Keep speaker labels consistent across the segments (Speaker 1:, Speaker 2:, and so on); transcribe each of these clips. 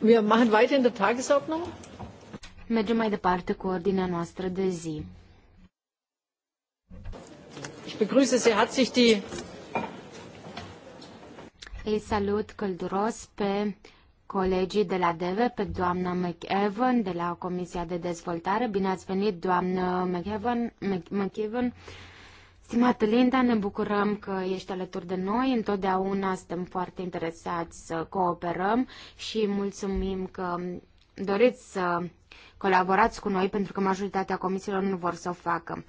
Speaker 1: Mergem mai departe cu ordinea noastră de zi. Îi salut călduros pe colegii de la DEVE, pe doamna McEvan de la Comisia de Dezvoltare. Bine ați venit, doamnă McEvan. McEvan. Stimată Linda, ne bucurăm că ești alături de noi. Întotdeauna suntem foarte interesați să cooperăm și mulțumim că doriți să colaborați cu noi pentru că majoritatea comisiilor nu vor să o facă.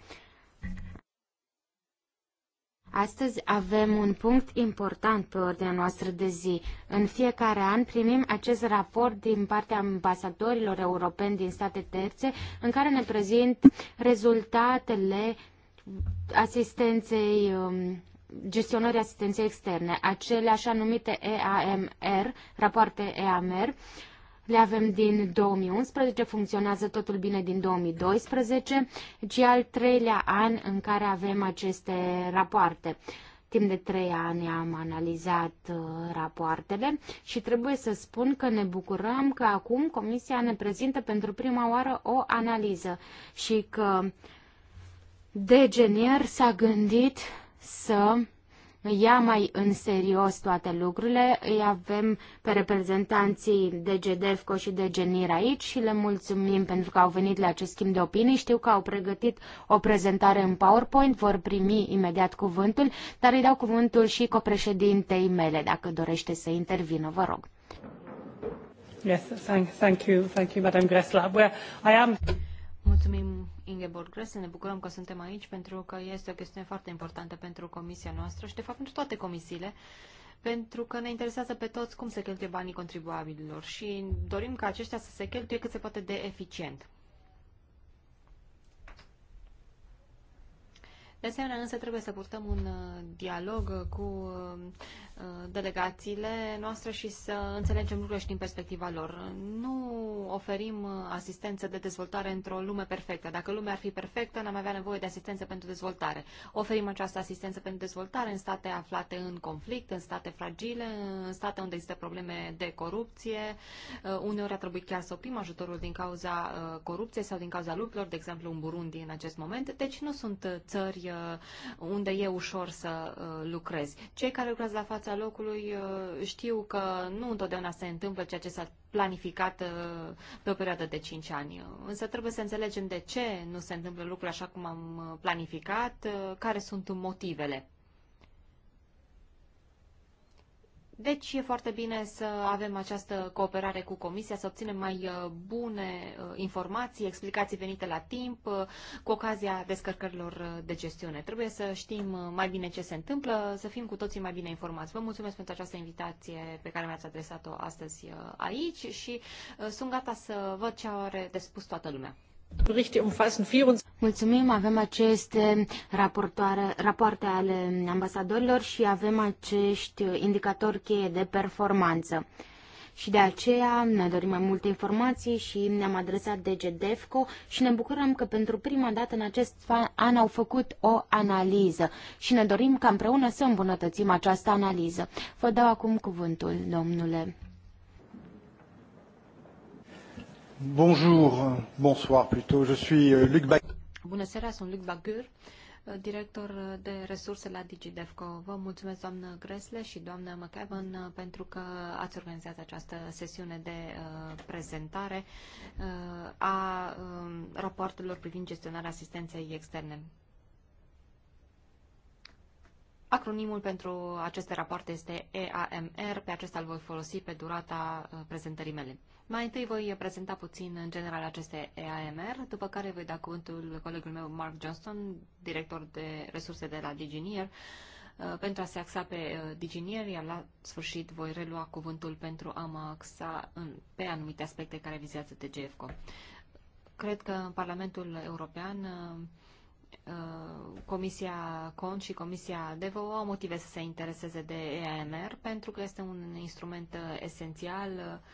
Speaker 1: Astăzi avem un punct important pe ordinea noastră de zi. În fiecare an primim acest raport din partea ambasadorilor europeni din state terțe în care ne prezint rezultatele asistenței, um, gestionării asistenței externe, acele așa numite EAMR, rapoarte EAMR, le avem din 2011, funcționează totul bine din 2012, ci deci al treilea an în care avem aceste rapoarte. Timp de trei ani am analizat uh, rapoartele și trebuie să spun că ne bucurăm că acum Comisia ne prezintă pentru prima oară o analiză și că uh, Degenier s-a gândit să ia mai în serios toate lucrurile. Îi avem pe reprezentanții DGDEFCO și DGNIR aici și le mulțumim pentru că au venit la acest schimb de opinii. Știu că au pregătit o prezentare în PowerPoint, vor primi imediat cuvântul, dar îi dau cuvântul și copreședintei mele, dacă dorește să intervină, vă rog.
Speaker 2: Yes, thank, thank you, thank you, Madam Gressler. Where I am... Mulțumim,
Speaker 3: Ingeborg Gress, Ne bucurăm că suntem aici pentru că este o chestiune foarte importantă pentru comisia noastră și, de fapt, pentru toate comisiile, pentru că ne interesează pe toți cum se cheltuie banii contribuabililor și dorim ca aceștia să se cheltuie cât se poate de eficient. De asemenea, însă trebuie să purtăm un uh, dialog uh, cu uh, Uh, delegațiile noastre și să înțelegem lucrurile și din perspectiva lor. Nu oferim uh, asistență de dezvoltare într-o lume perfectă. Dacă lumea ar fi perfectă, n-am avea nevoie de asistență pentru dezvoltare. Oferim această asistență pentru dezvoltare în state aflate în conflict, în state fragile, în state unde există probleme de corupție. Uh, uneori a trebuit chiar să oprim ajutorul din cauza corupției sau din cauza luptelor, de exemplu în Burundi în acest moment. Deci nu sunt țări unde e ușor să lucrezi. Cei care lucrează la fața fața locului uh, știu că nu întotdeauna se întâmplă ceea ce s-a planificat uh, pe o perioadă de 5 ani. Însă trebuie să înțelegem de ce nu se întâmplă lucrurile așa cum am uh, planificat, care sunt motivele. Deci e foarte bine să avem această cooperare cu Comisia, să obținem mai uh, bune uh, informații, explicații venite la timp uh, cu ocazia descărcărilor de gestiune. Trebuie să știm mai bine ce se întâmplă, să fim cu toții mai bine informați. Vă mulțumesc pentru această invitație pe care mi-ați adresat-o astăzi aici și sunt gata să văd ce are de spus toată lumea.
Speaker 1: Mulțumim, avem aceste rapoarte ale ambasadorilor și avem acești indicatori cheie de performanță. Și de aceea ne dorim mai multe informații și ne-am adresat de GDEFCO și ne bucurăm că pentru prima dată în acest an au făcut o analiză și ne dorim ca împreună să îmbunătățim această analiză. Vă dau acum cuvântul, domnule
Speaker 2: Bonjour, bonsoir plutôt. Je suis euh, Luc Bagur.
Speaker 3: Bună seara, sunt Luc Bagur, uh, director uh, de resurse la DigiDevCo. Vă mulțumesc, doamnă Gresle și doamnă McEvan, uh, pentru că ați organizat această sesiune de prezentare a um, rapoartelor privind gestionarea asistenței externe. Acronimul pentru aceste rapoarte este EAMR, pe acesta îl voi folosi pe durata prezentării mele. Mai întâi voi prezenta puțin în general aceste EAMR, după care voi da cuvântul colegul meu Mark Johnston, director de resurse de la Diginier, uh, pentru a se axa pe uh, Diginier, iar la sfârșit voi relua cuvântul pentru a mă axa în, pe anumite aspecte care vizează TGFCO. Cred că în Parlamentul European uh, Comisia CON și Comisia DEVO au motive să se intereseze de EAMR pentru că este un instrument esențial uh,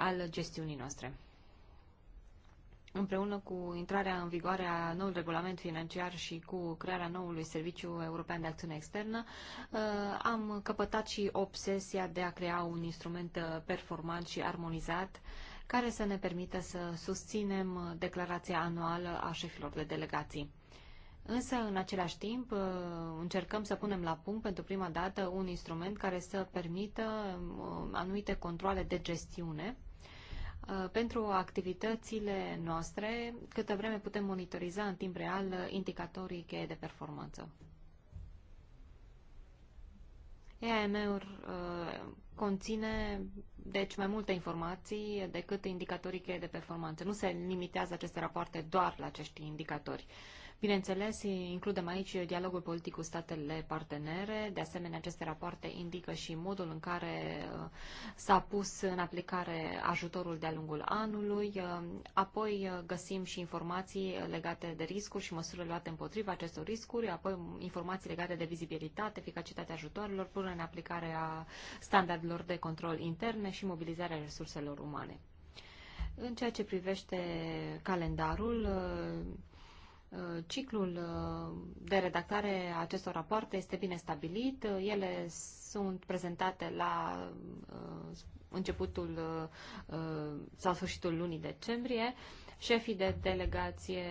Speaker 3: al gestiunii noastre. Împreună cu intrarea în vigoare a noului regulament financiar și cu crearea noului Serviciu European de Acțiune Externă, uh, am căpătat și obsesia de a crea un instrument uh, performant și armonizat care să ne permită să susținem uh, declarația anuală a șefilor de delegații. Însă, în același timp, încercăm să punem la punct pentru prima dată un instrument care să permită anumite controle de gestiune Uh, pentru activitățile noastre, câtă vreme putem monitoriza în timp real indicatorii cheie de performanță. EAM-ul uh, conține deci mai multe informații decât indicatorii cheie de performanță. Nu se limitează aceste rapoarte doar la acești indicatori. Uh, Bineînțeles, includem aici dialogul politic cu statele partenere. De asemenea, aceste rapoarte indică și modul în care uh, s-a pus în aplicare ajutorul de-a lungul anului. Uh, apoi uh, găsim și informații legate de riscuri și măsurile luate împotriva acestor riscuri, apoi um, informații legate de vizibilitate, eficacitatea ajutoarelor, până în aplicare a standardelor de control interne și mobilizarea resurselor umane. În ceea ce privește calendarul, Uh, ciclul uh, de redactare a acestor rapoarte este bine stabilit. Uh, ele sunt prezentate la începutul sau sfârșitul lunii decembrie. Șefii de delegație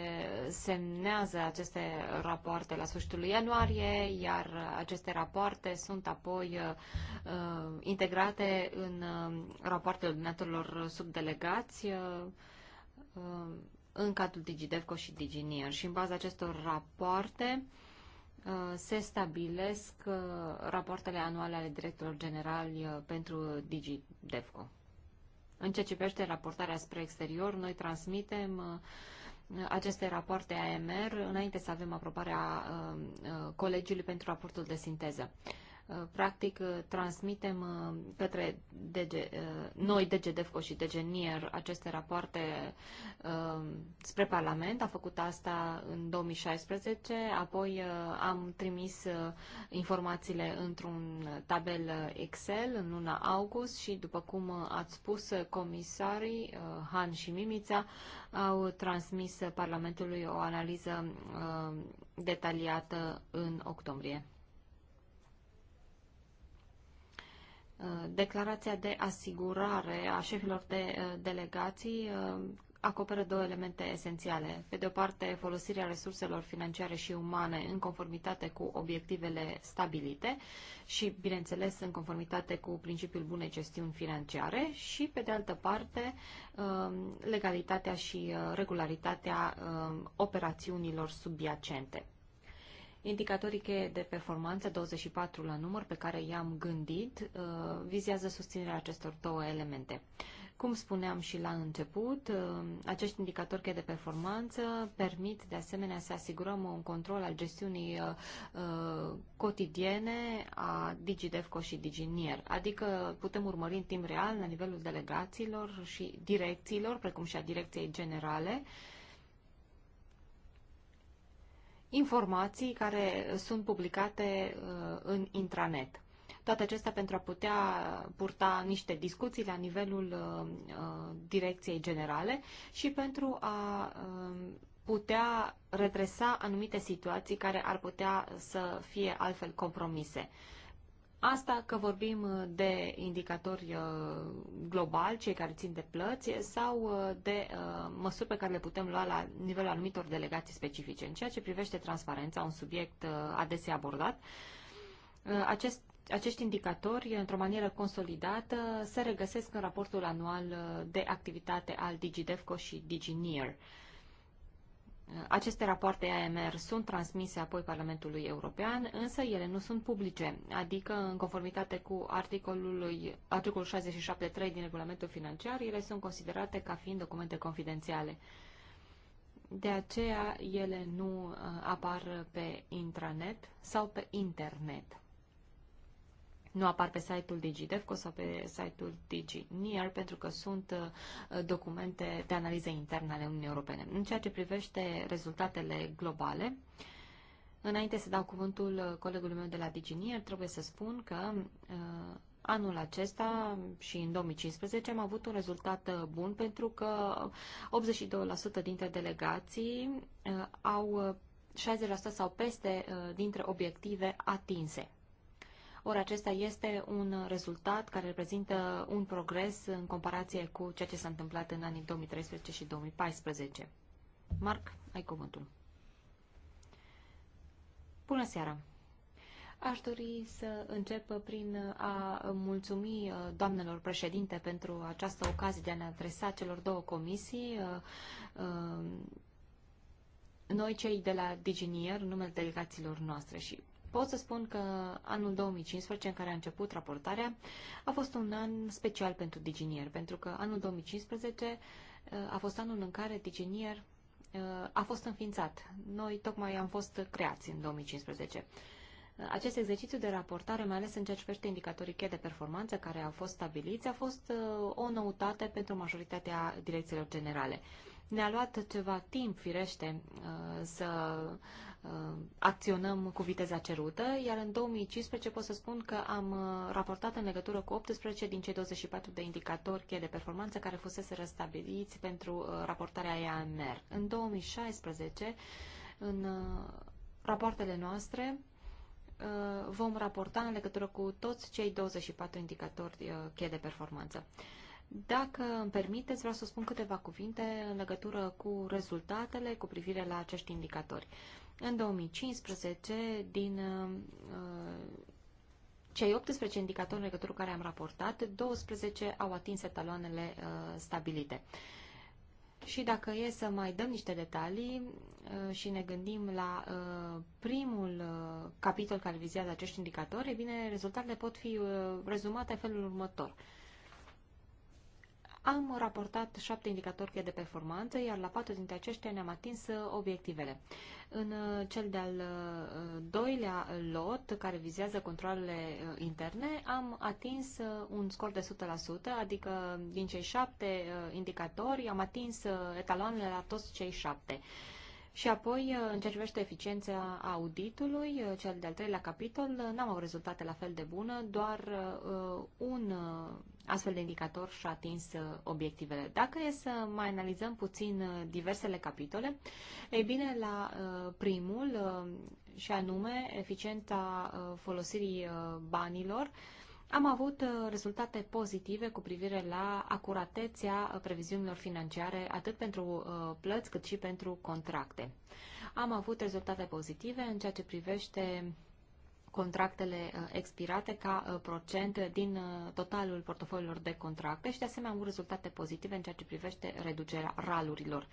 Speaker 3: semnează aceste rapoarte la sfârșitul ianuarie, iar aceste rapoarte sunt apoi uh, integrate în uh, rapoartele ordinatorilor subdelegați. Uh, în cadrul DigiDevco și DigiNear. Și în baza acestor rapoarte uh, se stabilesc uh, rapoartele anuale ale directorilor generali uh, pentru DigiDevco. În ceea ce privește raportarea spre exterior, noi transmitem aceste rapoarte AMR înainte să avem aprobarea colegiului pentru raportul de sinteză. Uh, practic uh, transmitem uh, către DG, noi DGDFCO și DGNIR, aceste rapoarte spre Parlament. A făcut asta în 2016, apoi am trimis informațiile într-un tabel Excel în luna august și, după cum ați spus, comisarii Han și Mimița au transmis Parlamentului o analiză detaliată în octombrie. Uh, declarația de asigurare a șefilor de uh, delegații uh, acoperă două elemente esențiale. Pe de o parte, folosirea resurselor financiare și umane în conformitate cu obiectivele stabilite și, bineînțeles, în conformitate cu principiul bunei gestiuni financiare și, pe de altă parte, um, legalitatea și regularitatea um, operațiunilor subiacente. Indicatorii cheie de performanță, 24 la număr, pe care i-am gândit, uh, vizează susținerea acestor două elemente. Cum spuneam și la început, uh, acești indicatori cheie de performanță permit de asemenea să asigurăm un control al gestiunii uh, cotidiene a DigiDevco și DigiNier, adică putem urmări în timp real la nivelul delegațiilor și direcțiilor, precum și a direcției generale, informații care sunt publicate uh, în intranet. Toate acestea pentru a putea purta niște discuții la nivelul uh, uh, direcției generale și pentru a putea redresa anumite situații care ar putea să fie altfel compromise. Asta că vorbim uh, de indicatori uh, global, cei care țin de plăți, sau uh, de măsuri pe care le putem lua la nivelul anumitor delegații specifice. În ceea ce privește transparența, un subiect adesea abordat, acest acești indicatori, într-o manieră consolidată, se regăsesc în raportul anual de activitate al DigiDevco și DigiNear. Aceste rapoarte AMR sunt transmise apoi Parlamentului European, însă ele nu sunt publice, adică în conformitate cu articolul, articolul 67.3 din regulamentul financiar, ele sunt considerate ca fiind documente confidențiale. De aceea ele nu uh, apar pe intranet sau pe internet nu apar pe site-ul DigiDevco sau pe site-ul DigiNear pentru că sunt uh, documente de analiză internă ale Uniunii Europene. În ceea ce privește rezultatele globale, înainte să dau cuvântul uh, colegului meu de la DigiNear, trebuie să spun că uh, anul acesta și în 2015 am avut un rezultat bun pentru că 82% dintre delegații au 60% sau peste dintre obiective atinse. Ori acesta este un rezultat care reprezintă un progres în comparație cu ceea ce s-a întâmplat în anii 2013 și 2014. Marc, ai cuvântul. Bună seara! Aș dori să încep prin a mulțumi uh, doamnelor președinte pentru această ocazie de a ne adresa celor două comisii. Uh, uh, noi, cei de la Diginier, numele delegațiilor noastre și Pot să spun că anul 2015, în care a început raportarea, a fost un an special pentru Diginier, pentru că anul 2015 uh, a fost anul în care Diginier uh, a fost înființat. Noi tocmai am fost creați în 2015. Uh, acest exercițiu de raportare, mai ales în ceea ce privește indicatorii cheie de performanță care au fost stabiliți, a fost o noutate pentru majoritatea direcțiilor generale. Ne-a luat ceva timp, firește, să Uh, acționăm cu viteza cerută, iar în 2015 pot să spun că am uh, raportat în legătură cu 18 din cei 24 de indicatori cheie de performanță care fusese răstabiliți pentru uh, raportarea EAMR. În 2016, în rapoartele noastre, vom raporta în legătură cu toți cei 24 indicatori cheie de performanță. Dacă îmi permiteți, vreau să spun câteva cuvinte în legătură cu rezultatele cu privire la acești indicatori. În 2015, din uh, cei 18 indicatori în legătură cu care am raportat, 12 au atins etaloanele uh, stabilite. Și dacă e să mai dăm niște detalii uh, și ne gândim la primul capitol care vizează acești indicatori, e bine, rezultatele pot fi rezumate în felul următor – am raportat șapte indicatori cheie de performanță, iar la patru dintre aceștia ne-am atins uh, obiectivele. În uh, cel de-al uh, doilea lot, care vizează controlele interne, am atins un scor de 100%, adică din cei șapte indicatori am atins etaloanele la toți cei șapte. Și apoi, uh, în ceea ce privește eficiența auditului, uh, cel de-al treilea capitol, uh, n-am avut rezultate la fel de bună, doar un astfel de indicator și-a atins obiectivele. Dacă e să mai analizăm puțin diversele capitole, ei bine, la primul, și anume eficiența folosirii banilor, am avut uh, rezultate pozitive cu privire la acuratețea uh, previziunilor financiare, atât pentru uh, plăți cât și pentru contracte. Am avut rezultate pozitive în ceea ce privește contractele expirate ca procent din totalul portofoliilor de contracte și de asemenea am avut rezultate pozitive în ceea ce privește reducerea ralurilor.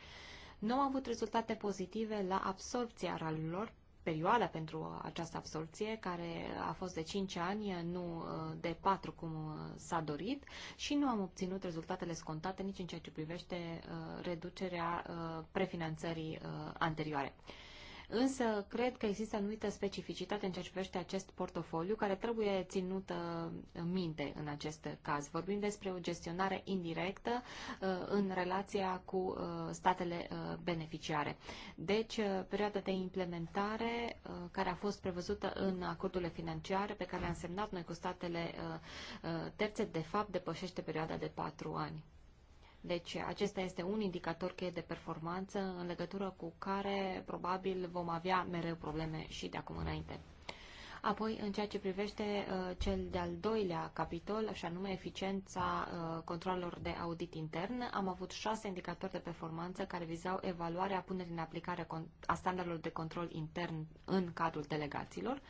Speaker 3: Nu am avut rezultate pozitive la absorpția ralurilor perioada pentru această absorție, care a fost de 5 ani, nu uh, de 4 cum uh, s-a dorit și nu am obținut rezultatele scontate nici în ceea ce privește uh, reducerea prefinanțării anterioare însă cred că există anumită specificitate în ceea ce privește acest portofoliu care trebuie ținută minte în acest caz. Vorbim despre o gestionare indirectă uh, în relația cu uh, statele uh, beneficiare. Deci, perioada de implementare care a fost prevăzută în acordurile financiare pe care le-am semnat noi cu statele terțe, de fapt, depășește perioada de patru ani. Deci acesta este un indicator cheie de performanță în legătură cu care probabil vom avea mereu probleme și de acum înainte. Apoi, în ceea ce privește uh, cel de-al doilea capitol, și anume eficiența uh, controlelor de audit intern, am avut șase indicatori de performanță care vizau evaluarea punerii în aplicare a standardelor de control intern în cadrul delegațiilor. Uh,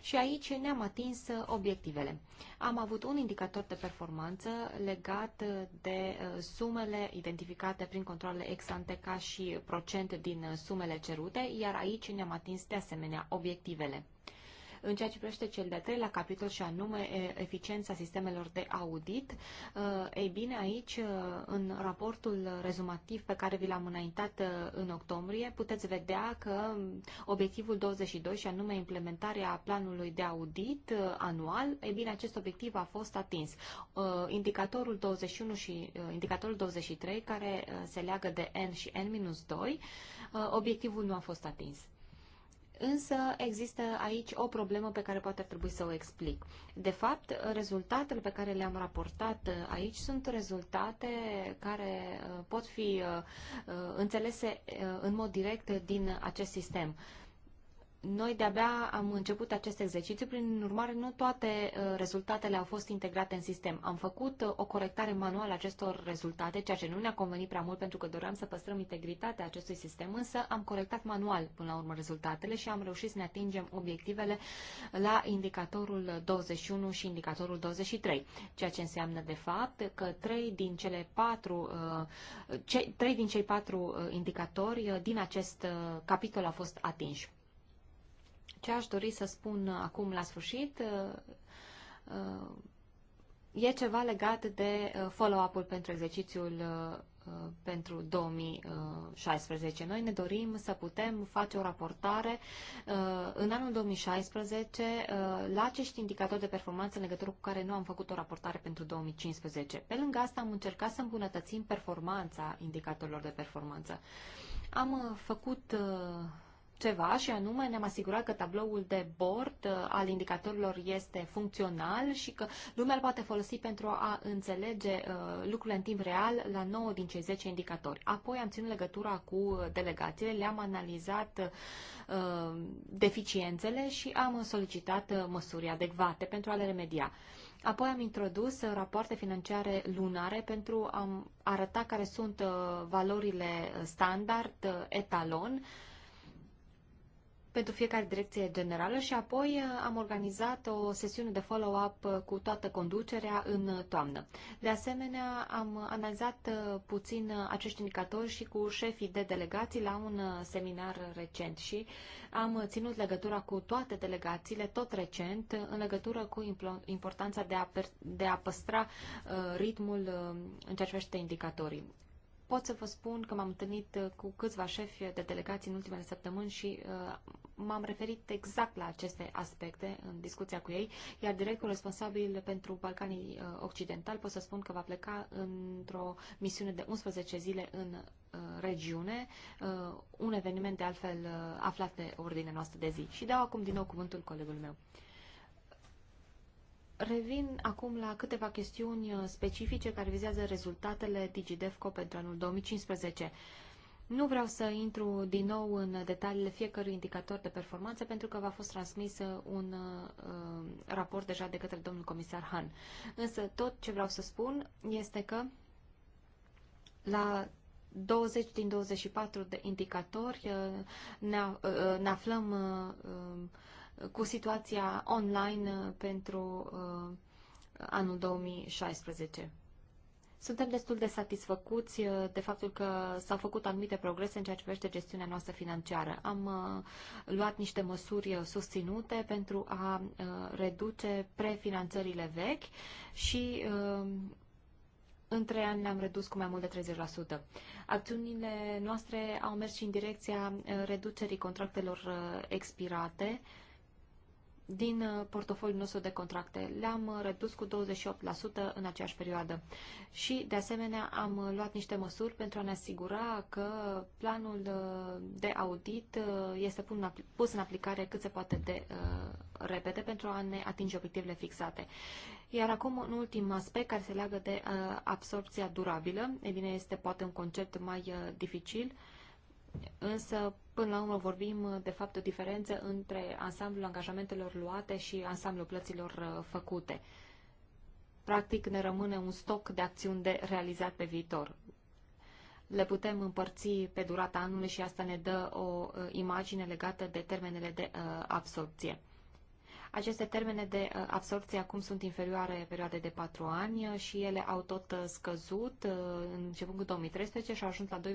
Speaker 3: și aici ne-am atins uh, obiectivele. Am avut un indicator de performanță legat uh, de uh, sumele identificate prin controlele ex ante ca și procent din sumele cerute, iar aici ne-am atins de asemenea obiectivele în ceea ce privește cel de-al treilea capitol și anume eficiența sistemelor de audit. Uh, ei bine, aici, uh, în raportul rezumativ pe care vi l-am înaintat uh, în octombrie, puteți vedea că obiectivul 22 și anume implementarea planului de audit anual, ei bine, acest obiectiv a fost atins. Indicatorul 21 și indicatorul 23, care se leagă de N și N-2, obiectivul nu a fost atins. Însă există aici o problemă pe care poate ar trebui să o explic. De fapt, rezultatele pe care le-am raportat uh, aici sunt rezultate care uh, pot fi uh, înțelese în mod direct din acest sistem noi de-abia am început acest exercițiu, prin urmare nu toate uh, rezultatele au fost integrate în sistem. Am făcut uh, o corectare manuală acestor rezultate, ceea ce nu ne-a convenit prea mult pentru că doream să păstrăm integritatea acestui sistem, însă am corectat manual până la urmă rezultatele și am reușit să ne atingem obiectivele la indicatorul 21 și indicatorul 23, ceea ce înseamnă de fapt că trei din cele patru, 3 uh, trei din cei patru indicatori din acest capitol au fost atinși. Ce aș dori să spun uh, acum la sfârșit uh, uh, e ceva legat de follow-up-ul pentru exercițiul pentru 2016. Noi ne dorim să putem face o raportare în anul 2016 la acești indicatori de performanță în legătură cu care nu am făcut o raportare pentru 2015. Pe lângă asta am încercat să îmbunătățim performanța indicatorilor de performanță. Am făcut ceva și anume ne-am asigurat că tabloul de bord uh, al indicatorilor este funcțional și că lumea îl poate folosi pentru a înțelege uh, lucrurile în timp real la 9 din cei 10 indicatori. Apoi am ținut legătura cu uh, delegațiile, le-am analizat deficiențele și am solicitat măsuri adecvate pentru a le remedia. Apoi am introdus rapoarte financiare lunare pentru a arăta care sunt valorile standard, etalon, pentru fiecare direcție generală și apoi uh, am organizat o sesiune de follow-up uh, cu toată conducerea în uh, toamnă. De asemenea, am analizat puțin acești indicatori și cu șefii de delegații la un seminar recent și am ținut legătura cu toate delegațiile tot recent în legătură cu importanța de a, de a păstra ritmul în ceea ce privește indicatorii. Pot să vă spun că m-am întâlnit uh, cu câțiva șefi de delegații în ultimele săptămâni și uh, m-am referit exact la aceste aspecte în discuția cu ei, iar directul responsabil pentru Balcanii uh, Occidentali pot să spun că va pleca într-o misiune de 11 zile în regiune, un eveniment de altfel aflat pe ordinea noastră de zi. Și dau acum din nou cuvântul colegului meu. Revin acum la câteva chestiuni uh, specifice care vizează rezultatele DigiDevCo pentru anul 2015. Nu vreau să intru din nou în detaliile fiecărui indicator de performanță pentru că v-a fost transmis uh, un uh, uh, raport deja de către domnul comisar Han. Însă tot ce vreau să spun este că la 20 din 24 de indicatori uh, ne, uh, ne aflăm uh, uh, cu situația online uh, pentru uh, anul 2016. Suntem destul de satisfăcuți uh, de faptul că s-au făcut anumite progrese în ceea ce privește gestiunea noastră financiară. Am luat niște măsuri susținute pentru a reduce prefinanțările vechi și în trei ani le-am redus cu mai mult de 30%. Acțiunile noastre au mers și în direcția reducerii contractelor expirate, din uh, portofoliul nostru de contracte. Le-am uh, redus cu 28% în aceeași perioadă. Și, de asemenea, am uh, luat niște măsuri pentru a ne asigura că planul de audit este pus în aplicare cât se poate de repede pentru a ne atinge obiectivele fixate. Iar acum un ultim aspect care se leagă de absorpția durabilă. E bine, este poate un concept mai dificil însă până la urmă vorbim de fapt o diferență între ansamblul angajamentelor luate și ansamblul plăților uh, făcute. Practic ne rămâne un stoc de acțiuni de realizat pe viitor. Le putem împărți pe durata anului și asta ne dă o uh, imagine legată de termenele de uh, absorpție. Aceste termene de uh, absorpție acum sunt inferioare perioade de 4 ani uh, și ele au tot uh, scăzut începând cu 2013 și au ajuns la 2,5%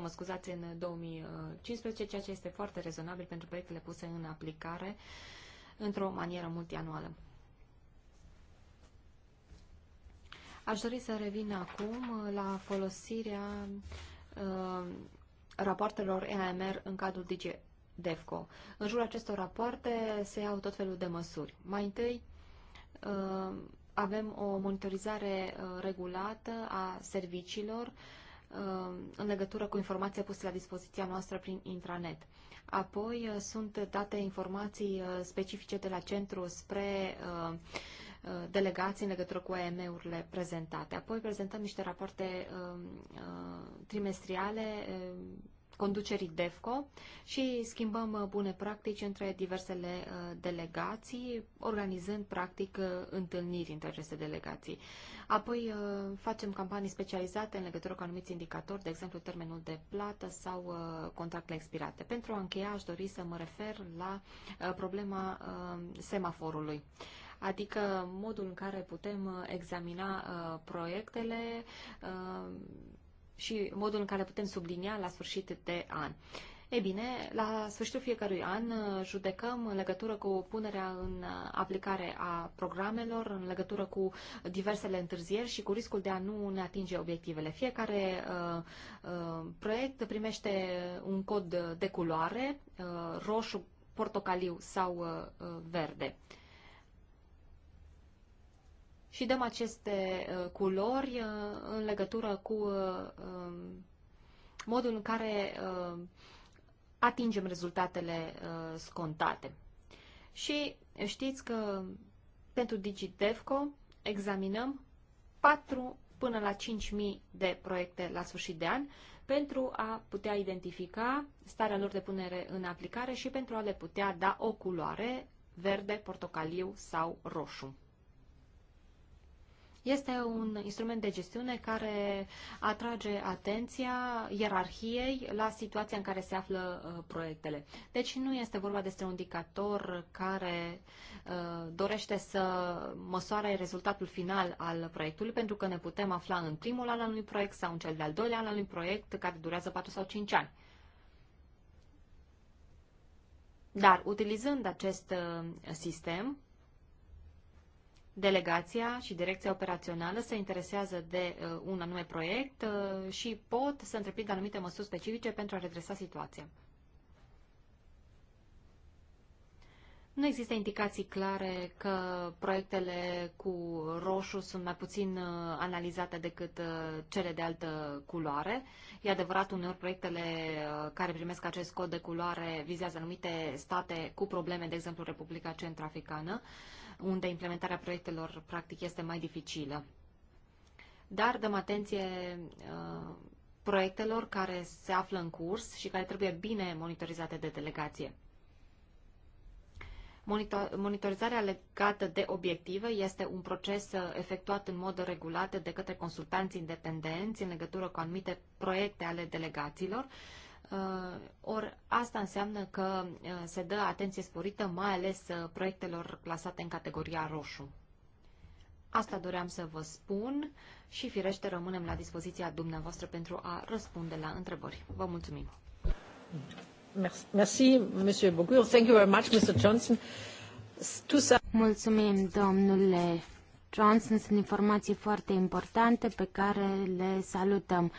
Speaker 3: mă scuzați, în 2015, ceea ce este foarte rezonabil pentru proiectele puse în aplicare într-o manieră multianuală. Aș dori să revin acum la folosirea uh, rapoartelor EAMR în cadrul DG DEFCO. În jurul acestor rapoarte se iau tot felul de măsuri. Mai întâi, uh, avem o monitorizare uh, regulată a serviciilor uh, în legătură cu informația pusă la dispoziția noastră prin intranet. Apoi sunt date informații specifice de la centru spre delegații în legătură cu AM-urile prezentate. Apoi prezentăm niște rapoarte trimestriale conducerii DEFCO și schimbăm uh, bune practici între diversele uh, delegații, organizând practic uh, întâlniri între aceste delegații. Apoi facem campanii specializate în legătură cu anumiți indicatori, de exemplu termenul de plată sau contractele expirate. Pentru a încheia aș dori să mă refer la problema semaforului adică modul în care putem examina proiectele și modul în care putem sublinia la sfârșit de an. Ei bine, la sfârșitul fiecărui an uh, judecăm în legătură cu punerea în uh, aplicare a programelor, în legătură cu diversele întârzieri și cu riscul de a nu ne atinge obiectivele. Fiecare uh, uh, proiect primește un cod de culoare, uh, roșu, portocaliu sau uh, uh verde. Uh, și dăm aceste uh, culori uh, în legătură cu uh, um, modul în care atingem rezultatele scontate. Și știți că pentru DigiDevco examinăm 4 până la 5.000 de proiecte la sfârșit de an pentru a putea identifica starea lor de punere în aplicare și pentru a le putea da o culoare verde, portocaliu sau roșu. Este un instrument de gestiune care atrage atenția ierarhiei la situația în care se află uh, proiectele. Deci nu este vorba despre un indicator care uh, dorește să măsoare rezultatul final al proiectului, pentru că ne putem afla în primul an al unui proiect sau în cel de-al doilea an al unui proiect care durează 4 sau 5 ani. Dar utilizând acest uh, sistem, delegația și direcția operațională se interesează de uh, un anume proiect uh, și pot să întreprindă anumite măsuri specifice pentru a redresa situația. Nu există indicații clare că proiectele cu roșu sunt mai puțin uh, analizate decât uh, cele de altă culoare. E adevărat, uneori proiectele uh, care primesc acest cod de culoare vizează anumite state cu probleme, de exemplu Republica Centrafricană, unde implementarea proiectelor practic este mai dificilă. Dar dăm atenție proiectelor care se află în curs și care trebuie bine monitorizate de delegație. Monitorizarea legată de obiective este un proces uh, efectuat în mod regulat de către consultanți independenți în legătură cu anumite proiecte ale delegațiilor. Uh, or, asta înseamnă că uh, se dă atenție sporită, mai ales proiectelor clasate în categoria roșu. Asta doream să vă spun și firește rămânem la dispoziția dumneavoastră pentru a răspunde la întrebări. Vă mulțumim!
Speaker 1: Mulțumim, domnule Johnson. Sunt informații foarte importante pe care le salutăm.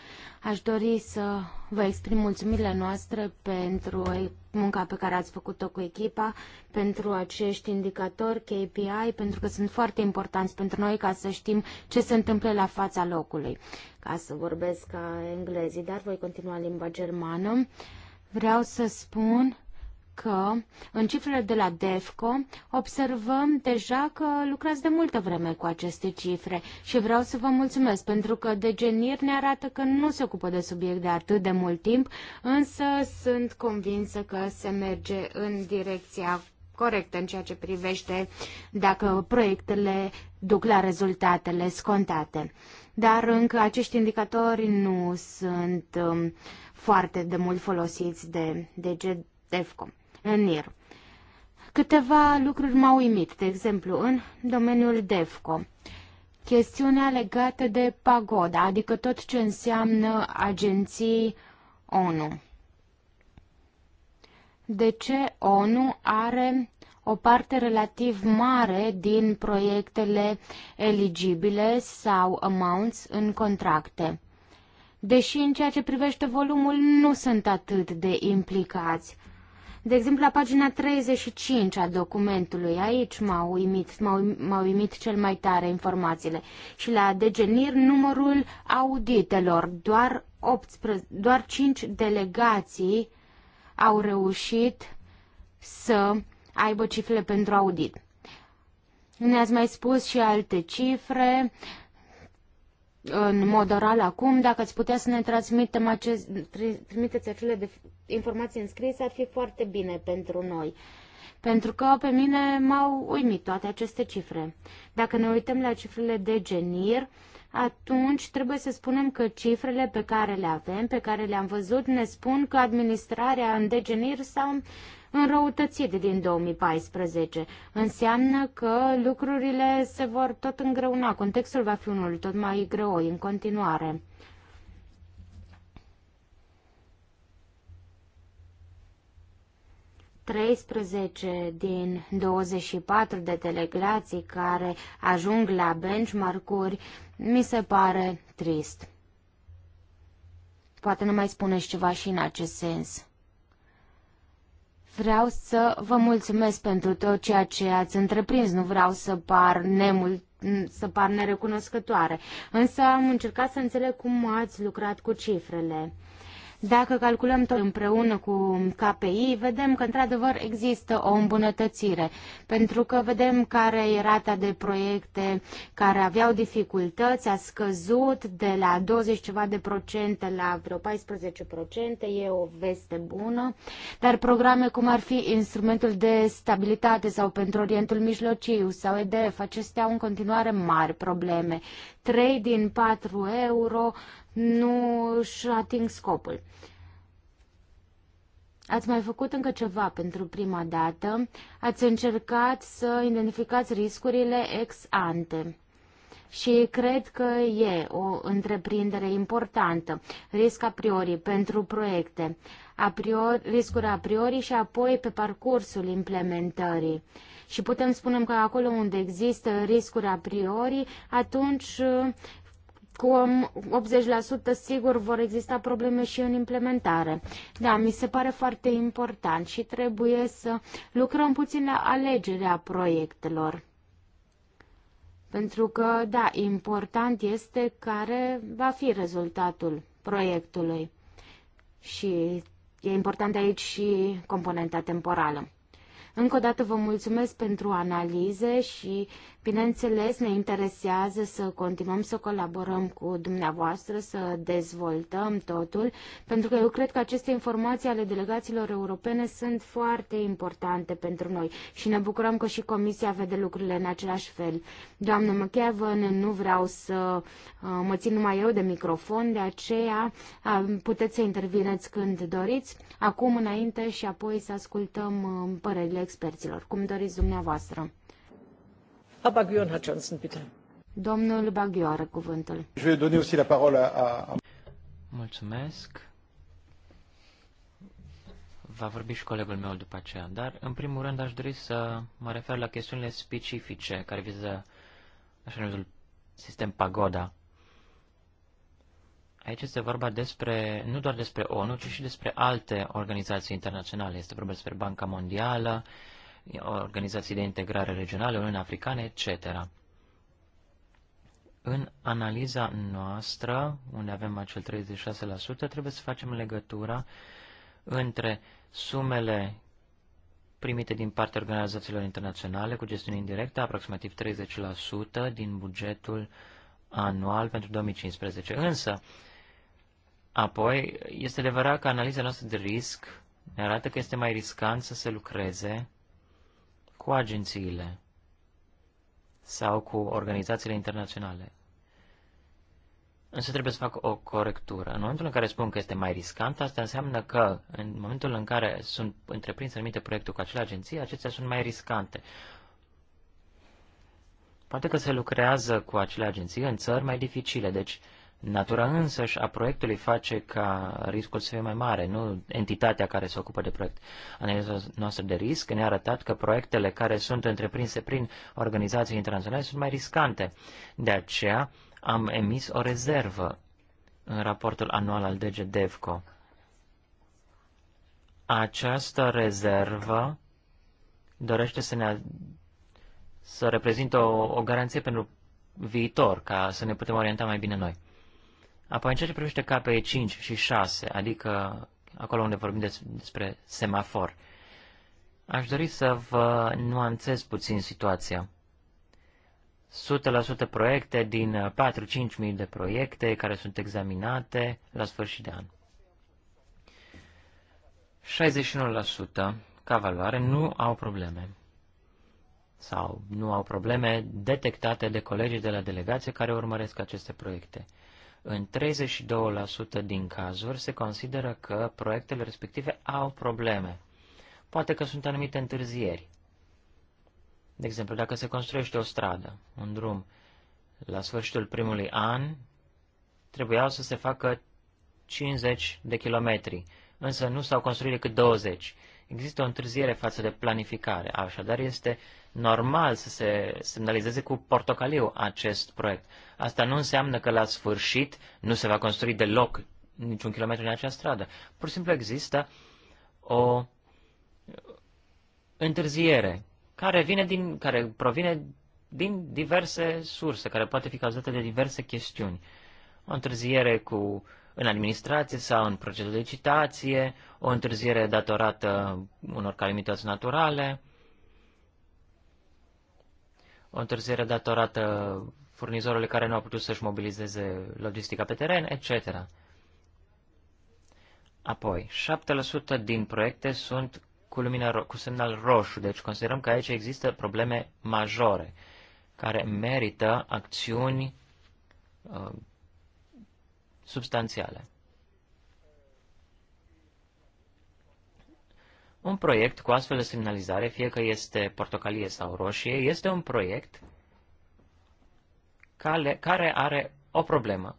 Speaker 1: Aș dori să vă exprim mulțumirile noastre pentru munca pe care ați făcut-o cu echipa, pentru acești indicatori KPI, pentru că sunt foarte importanți pentru noi ca să știm ce se întâmplă la fața locului. Ca să vorbesc ca englezii, dar voi continua limba germană. Uh, Vreau să spun că în cifrele de la DEFCO observăm deja că lucrați de multă vreme cu aceste cifre și vreau să vă mulțumesc pentru că de genir ne arată că nu se ocupă de subiect de atât de mult timp, însă sunt convinsă că se merge în direcția corectă în ceea ce privește dacă proiectele duc la rezultatele scontate. Dar încă acești indicatori nu sunt uh, foarte de mult folosiți de DG DEFCO în NIR. Câteva lucruri m-au uimit, de exemplu, în domeniul DEFCO. Chestiunea legată de pagoda, adică tot ce înseamnă agenții ONU. De ce ONU are o parte relativ mare din proiectele eligibile sau amounts în contracte? deși în ceea ce privește volumul nu sunt atât de implicați. De exemplu, la pagina 35 a documentului, aici m-au uimit, m-au uimit cel mai tare informațiile. Și la degenir numărul auditelor, doar, 18, doar 5 delegații au reușit să aibă cifre pentru audit. Ne-ați mai spus și alte cifre. Uh, în mod oral acum. Dacă ați putea să ne transmitem acest, trimiteți acele de informații scris, ar fi foarte bine pentru noi. Pentru că pe mine m-au uimit toate aceste cifre. Dacă ne uităm la cifrele de genir, atunci trebuie să spunem că cifrele pe care le avem, pe care le-am văzut, ne spun că administrarea în degenir s-a înrăutățit din 2014. Înseamnă că lucrurile se vor tot îngreuna, contextul va fi unul tot mai greu în continuare. Treisprezece din 24 de delegații care ajung la benchmark-uri mi se pare trist. Poate nu mai spuneți ceva și în acest sens. Vreau să vă mulțumesc pentru tot ceea ce ați întreprins, nu vreau să par nemult să par nerecunoscătoare, însă am încercat să înțeleg cum ați lucrat cu cifrele. Dacă calculăm tot împreună cu KPI, vedem că într-adevăr există o îmbunătățire, pentru că vedem care e rata de proiecte care aveau dificultăți, a scăzut de la 20 ceva de procente la vreo 14 procente, e o veste bună, dar programe cum ar fi instrumentul de stabilitate sau pentru Orientul Mijlociu sau EDF, acestea au în continuare mari probleme. 3 din 4 euro nu își ating scopul. Ați mai făcut încă ceva pentru prima dată. Ați încercat să identificați riscurile ex ante. Și cred că e o întreprindere importantă. Risc a priori pentru proiecte, a priori, riscuri a priori și apoi pe parcursul implementării. Și putem spune că acolo unde există riscuri a priori, atunci cu 80% sigur vor exista probleme și în implementare. Da, mi se pare foarte important și trebuie să lucrăm puțin la alegerea proiectelor. Pentru că, da, important este care va fi rezultatul proiectului. Și e important aici și componenta temporală. Încă o dată vă mulțumesc pentru analize și Bineînțeles, ne interesează să continuăm să colaborăm cu dumneavoastră, să dezvoltăm totul, pentru că eu cred că aceste informații ale delegațiilor europene sunt foarte importante pentru noi și ne bucurăm că și Comisia vede lucrurile în același fel. Doamnă McEvan, nu vreau să uh, mă țin numai eu de microfon, de aceea uh, puteți să intervineți când doriți, acum înainte și apoi să ascultăm uh, părerile experților, cum doriți dumneavoastră.
Speaker 2: Hutchinson,
Speaker 1: Domnul Baghiu are cuvântul.
Speaker 2: Je vais donner aussi la parole à... Mulțumesc. Va vorbi și colegul meu după aceea, dar în primul rând aș dori să mă refer la chestiunile specifice care viză așa numitul sistem pagoda. Aici este vorba despre, nu doar despre ONU, ci și despre alte organizații internaționale. Este vorba despre Banca Mondială, organizații de integrare regionale, Uniunea Africană, etc. În analiza noastră, unde avem acel 36%, trebuie să facem legătura între sumele primite din partea organizațiilor internaționale cu gestiune indirectă, aproximativ 30% din bugetul anual pentru 2015. Însă, apoi, este adevărat că analiza noastră de risc ne arată că este mai riscant să se lucreze cu agențiile sau cu organizațiile internaționale. Însă trebuie să fac o corectură. În momentul în care spun că este mai riscant, asta înseamnă că în momentul în care sunt întreprinse anumite proiecte cu acele agenții, acestea sunt mai riscante. Poate că se lucrează cu acele agenții în țări mai dificile, deci uh, Natura însăși a proiectului face ca riscul să fie mai mare, nu entitatea care se ocupă de proiect. Analiza noastră de risc ne-a arătat că proiectele care sunt întreprinse prin organizații internaționale sunt mai riscante. De aceea am emis o rezervă în raportul anual al DG DEVCO. Această rezervă dorește să ne să reprezintă o, o garanție pentru viitor, ca să ne putem orienta mai bine noi. Apoi, în ceea ce privește KPE 5 și 6, adică acolo unde vorbim des, despre semafor, aș dori să vă nuanțez puțin situația. 100% proiecte din 4 5000 mii de proiecte care sunt examinate la sfârșit de an. 61% ca valoare nu au probleme sau nu au probleme detectate de colegii de la delegație care urmăresc aceste proiecte. În 32% din cazuri se consideră că proiectele respective au probleme. Poate că sunt anumite întârzieri. De exemplu, dacă se construiește o stradă, un drum, la sfârșitul primului an trebuiau să se facă 50 de kilometri, însă nu s-au construit decât 20. Există o întârziere față de planificare, așadar este normal să se semnalizeze cu portocaliu acest proiect. Asta nu înseamnă că la sfârșit nu se va construi deloc niciun kilometru în acea stradă. Pur și simplu există o întârziere care, vine din, care provine din diverse surse, care poate fi cauzată de diverse chestiuni. O întârziere cu în administrație sau în procesul de licitație, o întârziere datorată unor calamități naturale, o întârziere datorată furnizorului care nu a putut să-și mobilizeze logistica pe teren, etc. Apoi, 7% din proiecte sunt cu, lumina cu semnal roșu, deci considerăm că aici există probleme majore care merită acțiuni uh, substanțiale. Un proiect cu astfel de semnalizare, fie că este portocalie sau roșie, este un proiect care are o problemă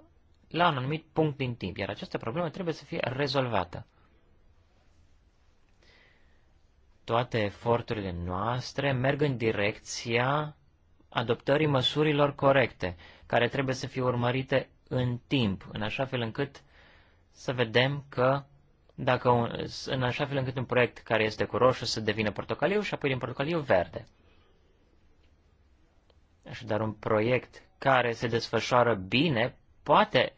Speaker 2: la un anumit punct din timp, iar această problemă trebuie să fie rezolvată. Toate eforturile noastre merg în direcția adoptării măsurilor corecte, care trebuie să fie urmărite în timp, în așa fel încât să vedem că dacă un, în așa fel încât un proiect care este cu roșu să devină portocaliu și apoi din portocaliu verde. Așadar, un proiect care se desfășoară bine poate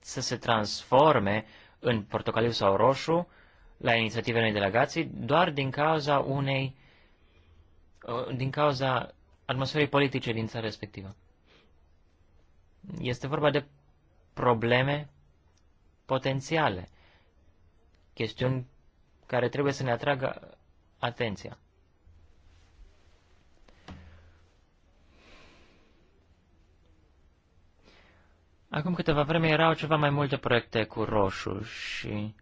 Speaker 2: să se transforme în portocaliu sau roșu la inițiativele unei delegații doar din cauza unei uh, din cauza atmosferei politice din țara respectivă. Este vorba de probleme potențiale, chestiuni care trebuie să ne atragă atenția. Acum câteva vreme erau ceva mai multe proiecte cu roșu și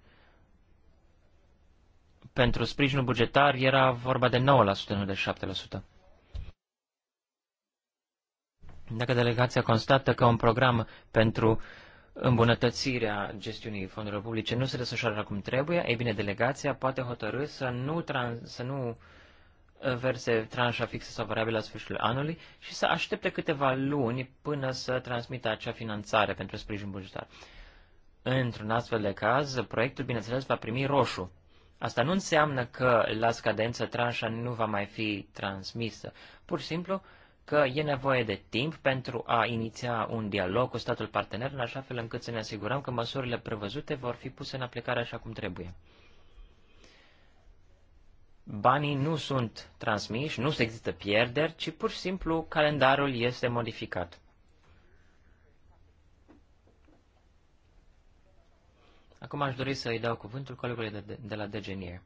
Speaker 2: pentru sprijinul bugetar era vorba de 9%, nu de 7%. Dacă delegația constată că un program pentru îmbunătățirea gestiunii fondurilor publice nu se desfășoară cum trebuie, ei bine, delegația poate hotărâ să nu, trans, să nu verse tranșa fixă sau variabilă la sfârșitul anului și să aștepte câteva luni până să transmită acea finanțare pentru sprijin bugetar. Într-un astfel de caz, proiectul, bineînțeles, va primi roșu. Asta nu înseamnă că la scadență tranșa nu va mai fi transmisă. Pur și simplu, că e nevoie de timp pentru a iniția un dialog cu statul partener, în așa fel încât să ne asigurăm că măsurile prevăzute vor fi puse în aplicare așa cum trebuie. Banii nu sunt transmiși, nu se există pierderi, ci pur și simplu calendarul este modificat. Acum aș dori să îi dau cuvântul colegului de, de la Degenier.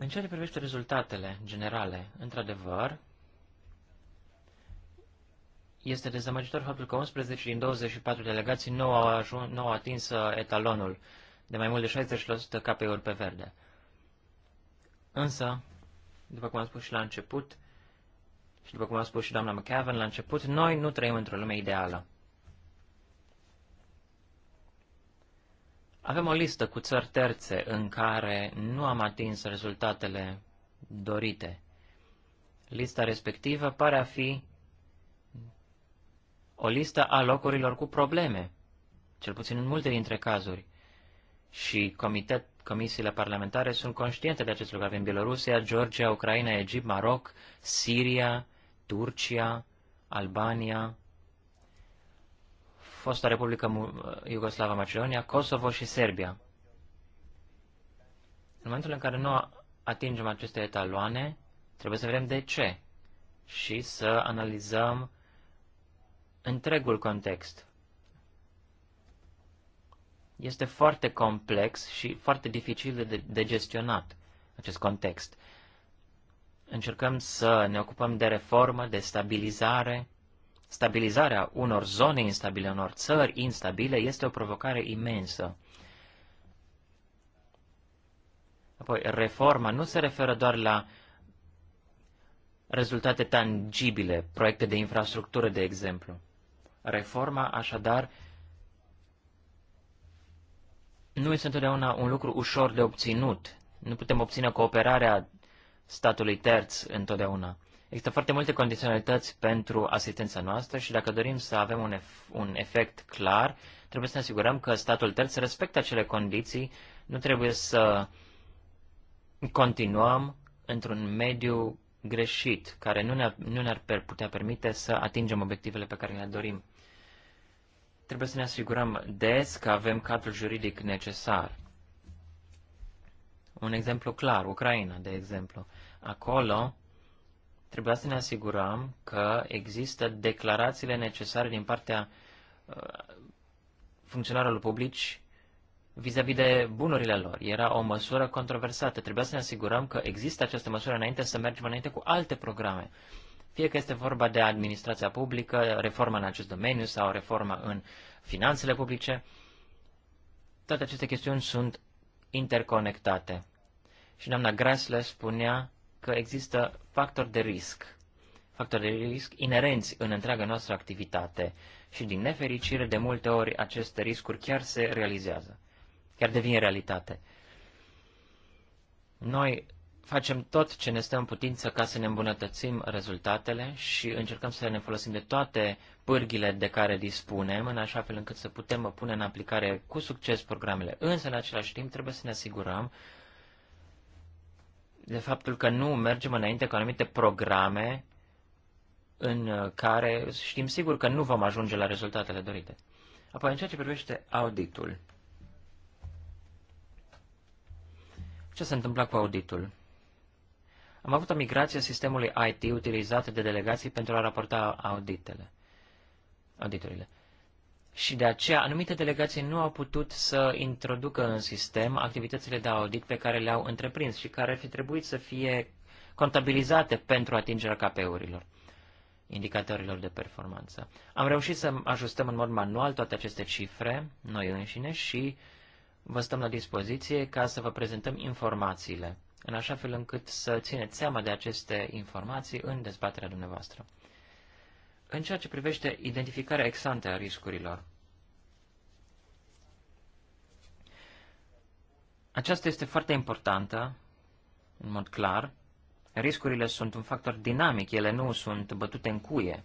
Speaker 2: În ceea ce privește rezultatele generale, într-adevăr, este dezamăgitor faptul că 11 din 24 delegații nu au, ajun, nu au atins uh, etalonul de mai mult de 60% KPI-uri pe verde. Însă, după cum am spus și la început, și după cum a spus și doamna McCavan la început, noi nu trăim într-o lume ideală. Avem o listă cu țări terțe în care nu am atins rezultatele dorite. Lista respectivă pare a fi o listă a locurilor cu probleme, cel puțin în multe dintre cazuri. Și comitet, comisiile parlamentare sunt conștiente de acest lucru. Avem Bielorusia, Georgia, Ucraina, Egipt, Maroc, Siria, Turcia, Albania, fosta Republică Iugoslava Macedonia, Kosovo și Serbia. În momentul în care nu atingem aceste etaloane, trebuie să vedem de ce și să analizăm întregul context. Este foarte complex și foarte dificil de, de gestionat acest context. Încercăm să ne ocupăm de reformă, de stabilizare, Stabilizarea unor zone instabile, unor țări instabile, este o provocare imensă. Apoi, reforma nu se referă doar la rezultate tangibile, proiecte de infrastructură, de exemplu. Reforma, așadar, nu este întotdeauna un lucru ușor de obținut. Nu putem obține cooperarea statului terț întotdeauna. Există foarte multe condiționalități pentru asistența noastră și dacă dorim să avem un, ef- un efect clar, trebuie să ne asigurăm că statul terț respectă acele condiții, nu trebuie să continuăm într-un mediu greșit, care nu ne-ar, nu ne-ar putea permite să atingem obiectivele pe care le dorim. Trebuie să ne asigurăm des că avem cadrul juridic necesar. Un exemplu clar, Ucraina, de exemplu. Acolo, Trebuia să ne asigurăm că există declarațiile necesare din partea uh, funcționarilor publici vis-a-vis de bunurile lor. Era o măsură controversată. Trebuia să ne asigurăm că există această măsură înainte să mergem înainte cu alte programe. Fie că este vorba de administrația publică, reforma în acest domeniu sau reforma în finanțele publice, toate aceste chestiuni sunt interconectate. Și doamna Grasle spunea că există factori de risc, factori de risc inerenți în întreaga noastră activitate și, din nefericire, de multe ori aceste riscuri chiar se realizează, chiar devin realitate. Noi facem tot ce ne stă în putință ca să ne îmbunătățim rezultatele și încercăm să ne folosim de toate pârghile de care dispunem, în așa fel încât să putem pune în aplicare cu succes programele. Însă, în același timp, trebuie să ne asigurăm de faptul că nu mergem înainte cu anumite programe în uh, care știm sigur că nu vom ajunge la rezultatele dorite. Apoi, în ceea ce privește auditul, ce s-a întâmplat cu auditul? Am avut o migrație a sistemului IT utilizat de delegații pentru a raporta auditele, auditurile și de aceea anumite delegații nu au putut să introducă în sistem activitățile de audit pe care le-au întreprins și care ar fi trebuit să fie contabilizate pentru atingerea KP-urilor, indicatorilor de performanță. Am reușit să ajustăm în mod manual toate aceste cifre, noi înșine, și vă stăm la dispoziție ca să vă prezentăm informațiile, în așa fel încât să țineți seama de aceste informații în dezbaterea dumneavoastră. În ceea ce privește identificarea exante a riscurilor, aceasta este foarte importantă, în mod clar. Riscurile sunt un factor dinamic, ele nu sunt bătute în cuie.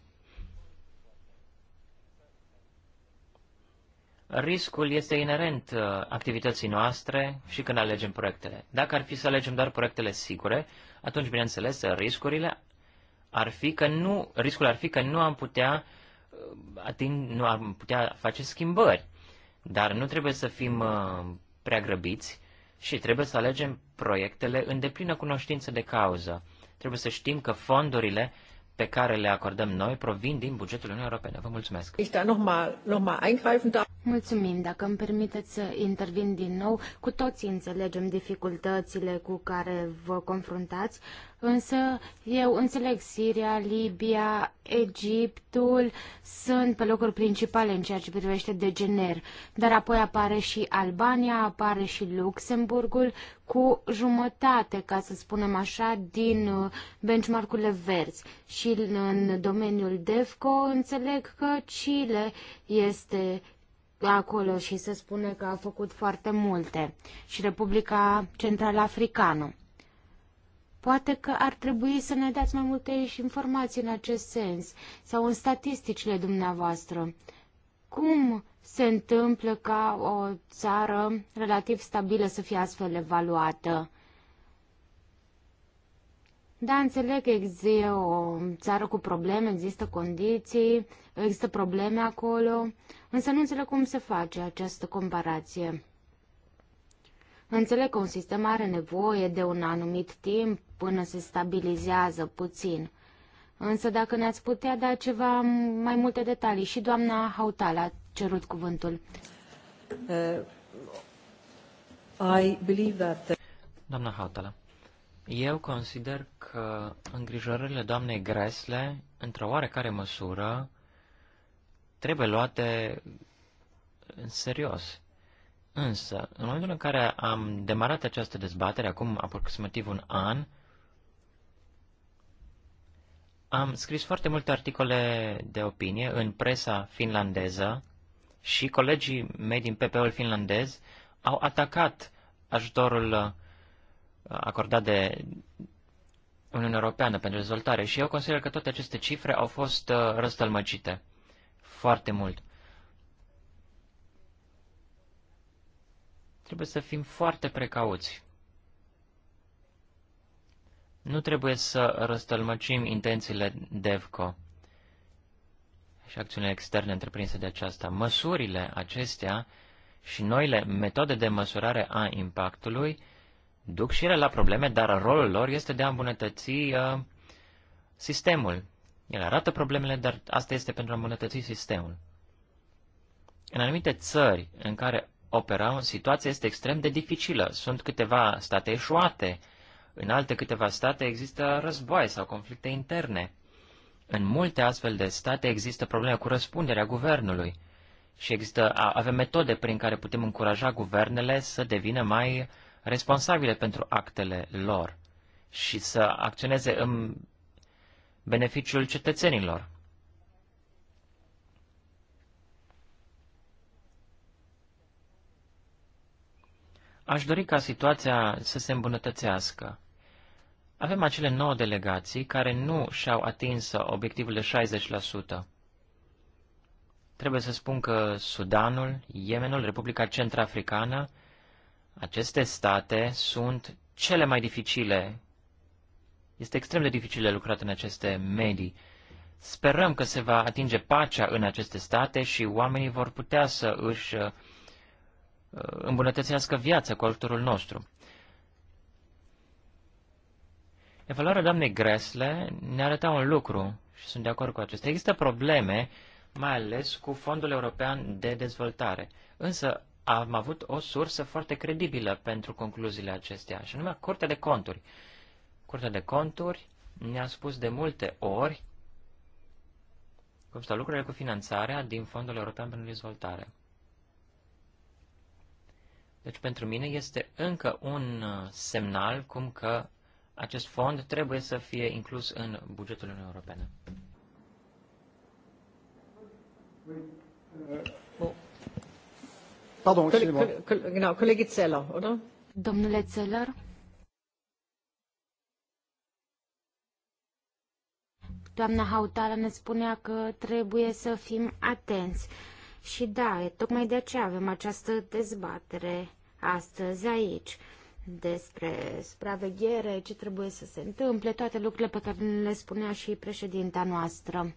Speaker 2: Riscul este inerent uh, activității noastre și când alegem proiectele. Dacă ar fi să alegem doar proiectele sigure, atunci, bineînțeles, riscurile ar fi că nu, riscul ar fi că nu am putea uh, ating, nu am putea face schimbări. Dar nu trebuie să fim uh, prea grăbiți și trebuie să alegem proiectele în deplină cunoștință de cauză. Trebuie să știm că fondurile pe care le acordăm noi provin din bugetul Uniunii Europene. Vă mulțumesc!
Speaker 1: Da Mulțumim! Dacă îmi permiteți să intervin din nou, cu toții înțelegem dificultățile cu care vă confruntați. Însă eu înțeleg Siria, Libia, Egiptul sunt pe locuri principale în ceea ce privește de gener, dar apoi apare și Albania, apare și Luxemburgul cu jumătate, ca să spunem așa, din uh, benchmarkurile verzi. Și în domeniul DEFCO înțeleg că Chile este acolo și se spune că a făcut foarte multe și Republica Central Africană. Poate că ar trebui să ne dați mai multe informații în acest sens sau în statisticile dumneavoastră. Cum se întâmplă ca o țară relativ stabilă să fie astfel evaluată? Da, înțeleg că există o țară cu probleme, există condiții, există probleme acolo, însă nu înțeleg cum se face această comparație. Înțeleg că un sistem are nevoie de un anumit timp până se stabilizează puțin. Însă dacă ne-ați putea da ceva mai multe detalii, și doamna Hautal a cerut cuvântul. Uh,
Speaker 2: I believe that... Doamna Hautala, eu consider că îngrijorările doamnei Gresle, într-o oarecare măsură, trebuie luate în serios. Însă, în momentul în care am demarat această dezbatere, acum aproximativ un an, am scris foarte multe articole de opinie în presa finlandeză și colegii mei din ppo ul finlandez au atacat ajutorul uh, acordat de Uniunea Europeană pentru dezvoltare și eu consider că toate aceste cifre au fost uh, răstălmăcite foarte mult. Trebuie să fim foarte precauți. Nu trebuie să răstălmăcim intențiile DEVCO și acțiunile externe întreprinse de aceasta. Măsurile acestea și noile metode de măsurare a impactului duc și ele la probleme, dar rolul lor este de a îmbunătăți uh, sistemul. Ele arată problemele, dar asta este pentru a îmbunătăți sistemul. În anumite țări în care opera în situație este extrem de dificilă. Sunt câteva state eșuate, în alte câteva state există războaie sau conflicte interne. În multe astfel de state există probleme cu răspunderea guvernului și există, avem metode prin care putem încuraja guvernele să devină mai responsabile pentru actele lor și să acționeze în beneficiul cetățenilor. Aș dori ca situația să se îmbunătățească. Avem acele nouă delegații care nu și-au atins obiectivul de 60%. Trebuie să spun că Sudanul, Yemenul, Republica Centrafricană, aceste state sunt cele mai dificile. Este extrem de dificil de lucrat în aceste medii. Sperăm că se va atinge pacea în aceste state și oamenii vor putea să își Uh, îmbunătățească viața cu ajutorul nostru. Evaluarea doamnei Gresle ne arăta un lucru și sunt de acord cu acesta. Există probleme, mai ales cu Fondul European de Dezvoltare. Însă am avut o sursă foarte credibilă pentru concluziile acestea, și anume Curtea de Conturi. Curtea de Conturi ne-a spus de multe ori cum stau lucrurile cu finanțarea din Fondul European pentru Dezvoltare. Deci pentru mine este încă un uh, semnal cum că acest fond trebuie să fie inclus în bugetul Uniunii Europene. Pardon, genau, colegii Zeller, oder?
Speaker 1: Domnule Zeller? Doamna Hautala ne spunea că trebuie să fim atenți. Și da, tocmai de aceea avem această dezbatere astăzi aici despre supraveghere, ce trebuie să se întâmple, toate lucrurile pe care le spunea și președinta noastră.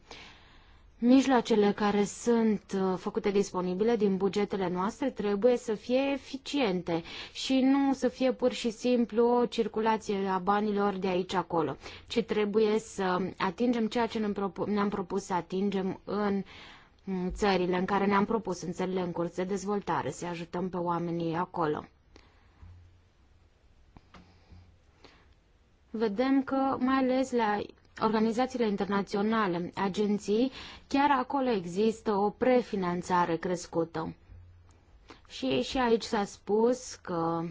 Speaker 1: Mijloacele care sunt uh, făcute disponibile din bugetele noastre trebuie să fie eficiente și nu să fie pur și simplu o circulație a banilor de aici acolo, ci trebuie să atingem ceea ce ne-am propus să atingem în uh, țările în care ne-am propus, în țările în curs de dezvoltare, să ajutăm pe oamenii acolo. Vedem că, mai ales la organizațiile internaționale, agenții, chiar acolo există o prefinanțare crescută. Și, și aici s-a spus că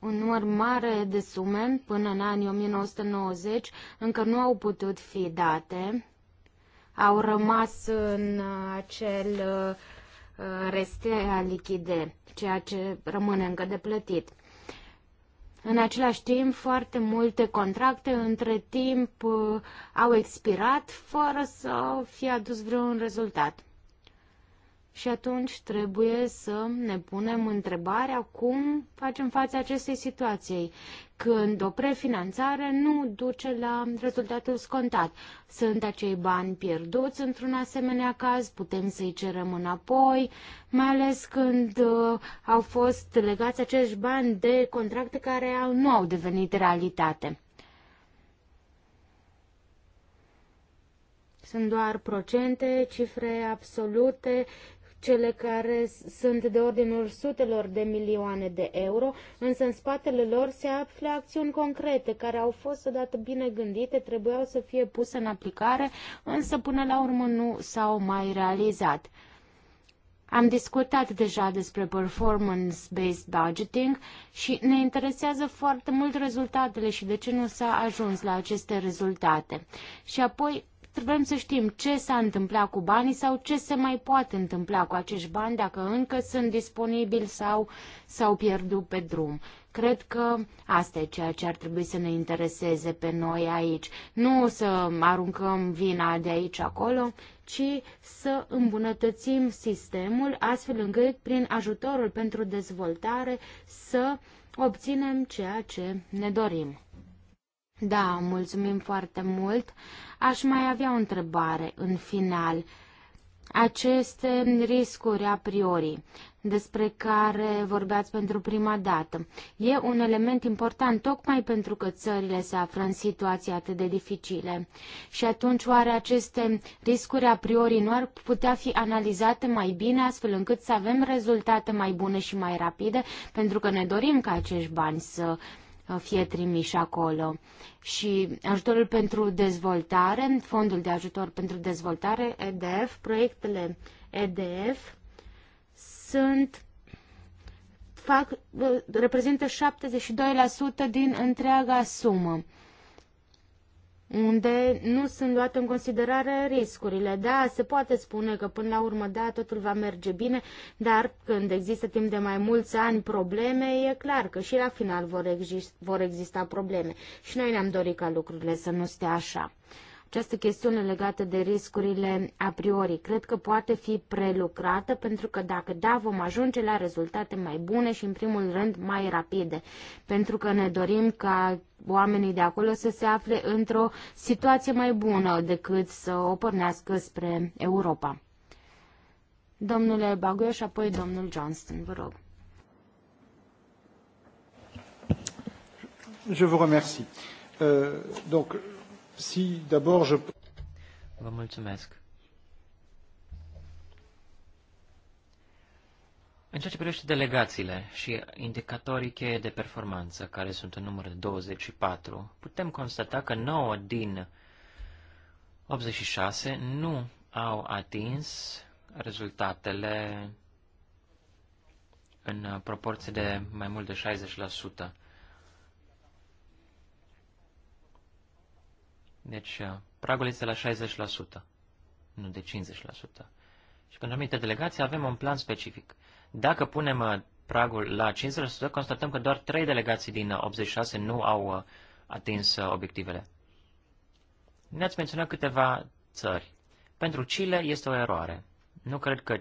Speaker 1: un număr mare de sume până în anii 1990 încă nu au putut fi date, au rămas în acel uh, reste a lichide, ceea ce rămâne încă de plătit. În același timp, foarte multe contracte între timp uh, au expirat fără să fie adus vreun rezultat. Și atunci trebuie să ne punem întrebarea cum facem față acestei situații, când o prefinanțare nu duce la rezultatul scontat. Sunt acei bani pierduți într-un asemenea caz, putem să-i cerem înapoi, mai ales când uh, au fost legați acești bani de contracte care nu au devenit realitate. sunt doar procente, cifre absolute, cele care sunt de ordinul sutelor de milioane de euro, însă în spatele lor se află acțiuni concrete care au fost odată bine gândite, trebuiau să fie puse în aplicare, însă până la urmă nu s-au mai realizat. Am discutat deja despre performance-based budgeting și ne interesează foarte mult rezultatele și de ce nu s-a ajuns la aceste rezultate. Și apoi Vrem să știm ce s-a întâmplat cu banii sau ce se mai poate întâmpla cu acești bani, dacă încă sunt disponibili sau s-au pierdut pe drum. Cred că asta e ceea ce ar trebui să ne intereseze pe noi aici. Nu să aruncăm vina de aici acolo, ci să îmbunătățim sistemul astfel încât prin ajutorul pentru dezvoltare să obținem ceea ce ne dorim. Da, mulțumim foarte mult. Aș mai avea o întrebare în final. Aceste riscuri a priori despre care vorbeați pentru prima dată. E un element important tocmai pentru că țările se află în situații atât de dificile. Și atunci oare aceste riscuri a priori nu ar putea fi analizate mai bine astfel încât să avem rezultate mai bune și mai rapide pentru că ne dorim ca acești bani să uh, fie trimiși acolo. Și ajutorul pentru dezvoltare, fondul de ajutor pentru dezvoltare, EDF, proiectele EDF sunt fac, reprezintă 72% din întreaga sumă unde nu sunt luate în considerare riscurile. Da, se poate spune că până la urmă, da, totul va merge bine, dar când există timp de mai mulți ani probleme, e clar că și la final vor, exist, vor exista probleme. Și noi ne-am dorit ca lucrurile să nu stea așa această chestiune legată de riscurile a priori. Cred că poate fi prelucrată pentru că dacă da, vom ajunge la rezultate mai bune și în primul rând mai rapide, pentru că ne dorim ca oamenii de acolo să se afle într-o situație mai bună decât să o pornească spre Europa. Domnule Baguio și apoi domnul Johnston, vă rog.
Speaker 2: Je vous remercie. Euh, donc, Si d'abord je... Vă mulțumesc. În ceea ce privește delegațiile și indicatorii cheie de performanță, care sunt în număr de 24, putem constata că 9 din 86 nu au atins rezultatele în proporție de mai mult de 60%. Deci, uh, pragul este la 60%, nu de 50%. Și când anumite delegații avem un plan specific. Dacă punem uh, pragul la 50%, constatăm că doar 3 delegații din 86 uh, nu au atins obiectivele. Ne-ați menționat câteva țări. Pentru Chile este o eroare. Nu cred că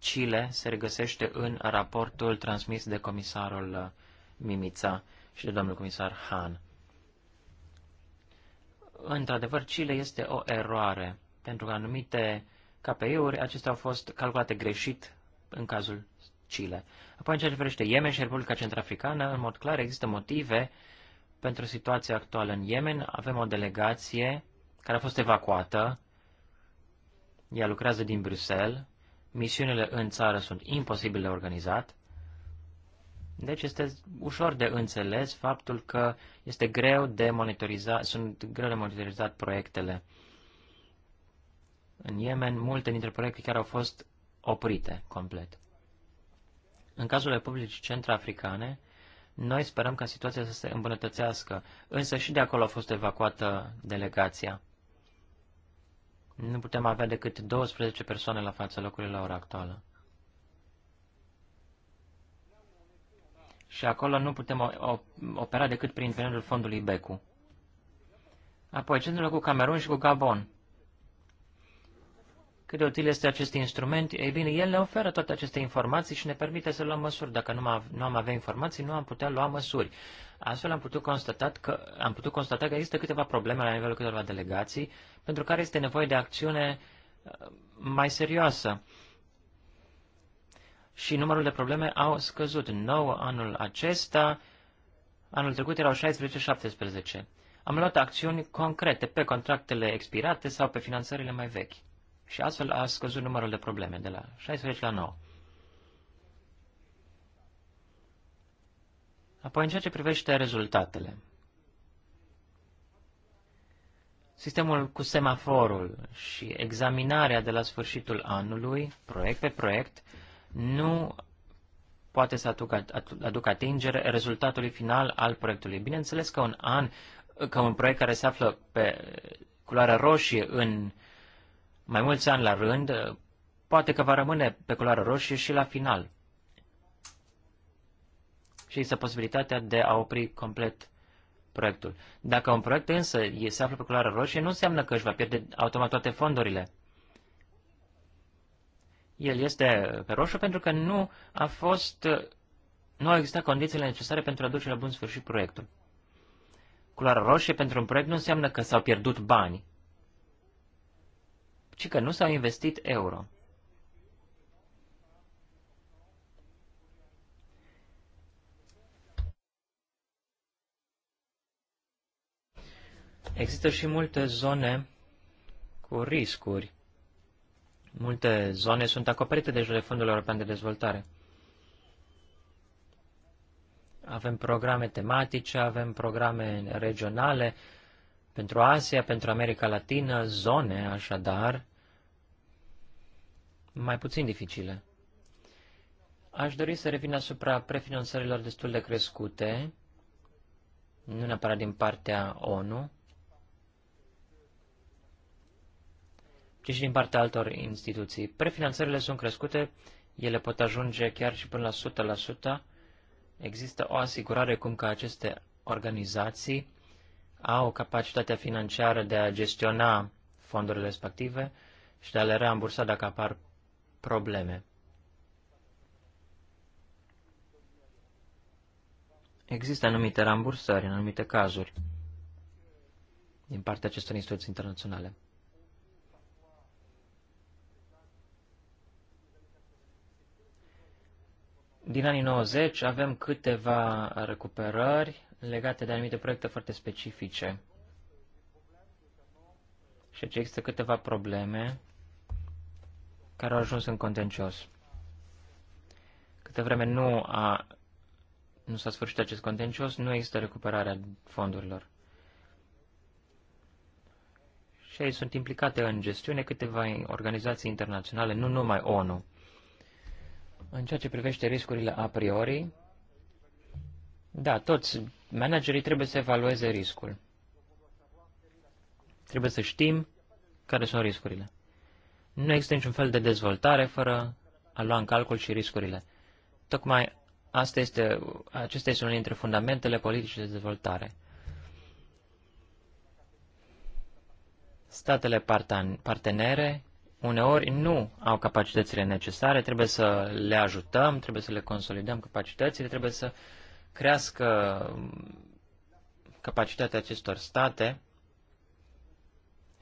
Speaker 2: Chile se regăsește în raportul transmis de comisarul Mimița și de domnul comisar Han. Într-adevăr, Chile este o eroare, pentru că anumite KPI-uri, acestea au fost calculate greșit în cazul Chile. Apoi, în ceea ce privește Yemen și Republica Centrafricană, în mod clar există motive pentru situația actuală în Yemen. Avem o delegație care a fost evacuată, ea lucrează din Bruxelles, misiunile în țară sunt imposibil de organizat, deci este ușor de înțeles faptul că este greu de monitorizat, sunt greu de monitorizat proiectele. În Yemen, multe dintre proiecte chiar au fost oprite complet. În cazul Republicii Centrafricane, noi sperăm ca situația să se îmbunătățească, însă și de acolo a fost evacuată delegația. Nu putem avea decât 12 persoane la fața locului la ora actuală. și acolo nu putem opera decât prin intermediul fondului BECU. Apoi, ce cu Camerun și cu Gabon? Cât de util este acest instrument? Ei bine, el ne oferă toate aceste informații și ne permite să luăm măsuri. Dacă nu, am, nu am avea informații, nu am putea lua măsuri. Astfel am putut, constata că, am putut constata că există câteva probleme la nivelul câteva delegații pentru care este nevoie de acțiune uh, mai serioasă și numărul de probleme au scăzut. 9 anul acesta, anul trecut erau 16-17. Am luat acțiuni concrete pe contractele expirate sau pe finanțările mai vechi. Și astfel a scăzut numărul de probleme de la 16 la 9. Apoi, în ceea ce privește rezultatele, sistemul cu semaforul și examinarea de la sfârșitul anului, proiect pe proiect, nu poate să aducă, aducă atingere rezultatului final al proiectului. Bineînțeles că un an, că un proiect care se află pe culoarea roșie în mai mulți ani la rând, poate că va rămâne pe culoarea roșie și la final. Și există posibilitatea de a opri complet proiectul. Dacă un proiect însă se află pe culoarea roșie, nu înseamnă că își va pierde automat toate fondurile el este pe roșu pentru că nu a fost, nu au existat condițiile necesare pentru a duce la bun sfârșit proiectul. Culoarea roșie pentru un proiect nu înseamnă că s-au pierdut bani, ci că nu s-au investit euro. Există și multe zone cu riscuri Multe zone sunt acoperite deja de Fondul European de Dezvoltare. Avem programe tematice, avem programe regionale pentru Asia, pentru America Latină, zone, așadar, mai puțin dificile. Aș dori să revin asupra prefinanțărilor destul de crescute, nu neapărat din partea ONU, ci și din partea altor instituții. Prefinanțările sunt crescute, ele pot ajunge chiar și până la 100%. Există o asigurare cum că aceste organizații au capacitatea financiară de a gestiona fondurile respective și de a le reambursa dacă apar probleme. Există anumite rambursări în anumite cazuri din partea acestor instituții internaționale. Din anii 90 avem câteva recuperări legate de anumite proiecte foarte specifice. Și aici există câteva probleme care au ajuns în contencios. Câte vreme nu, a, nu s-a sfârșit acest contencios, nu există recuperarea fondurilor. Și aici sunt implicate în gestiune câteva organizații internaționale, nu numai ONU. În ceea ce privește riscurile a priori, da, toți managerii trebuie să evalueze riscul. Trebuie să știm care sunt riscurile. Nu există niciun fel de dezvoltare fără a lua în calcul și riscurile. Tocmai asta este, acesta este unul dintre fundamentele politice de dezvoltare. Statele partenere uneori nu au capacitățile necesare, trebuie să le ajutăm, trebuie să le consolidăm capacitățile, trebuie să crească capacitatea acestor state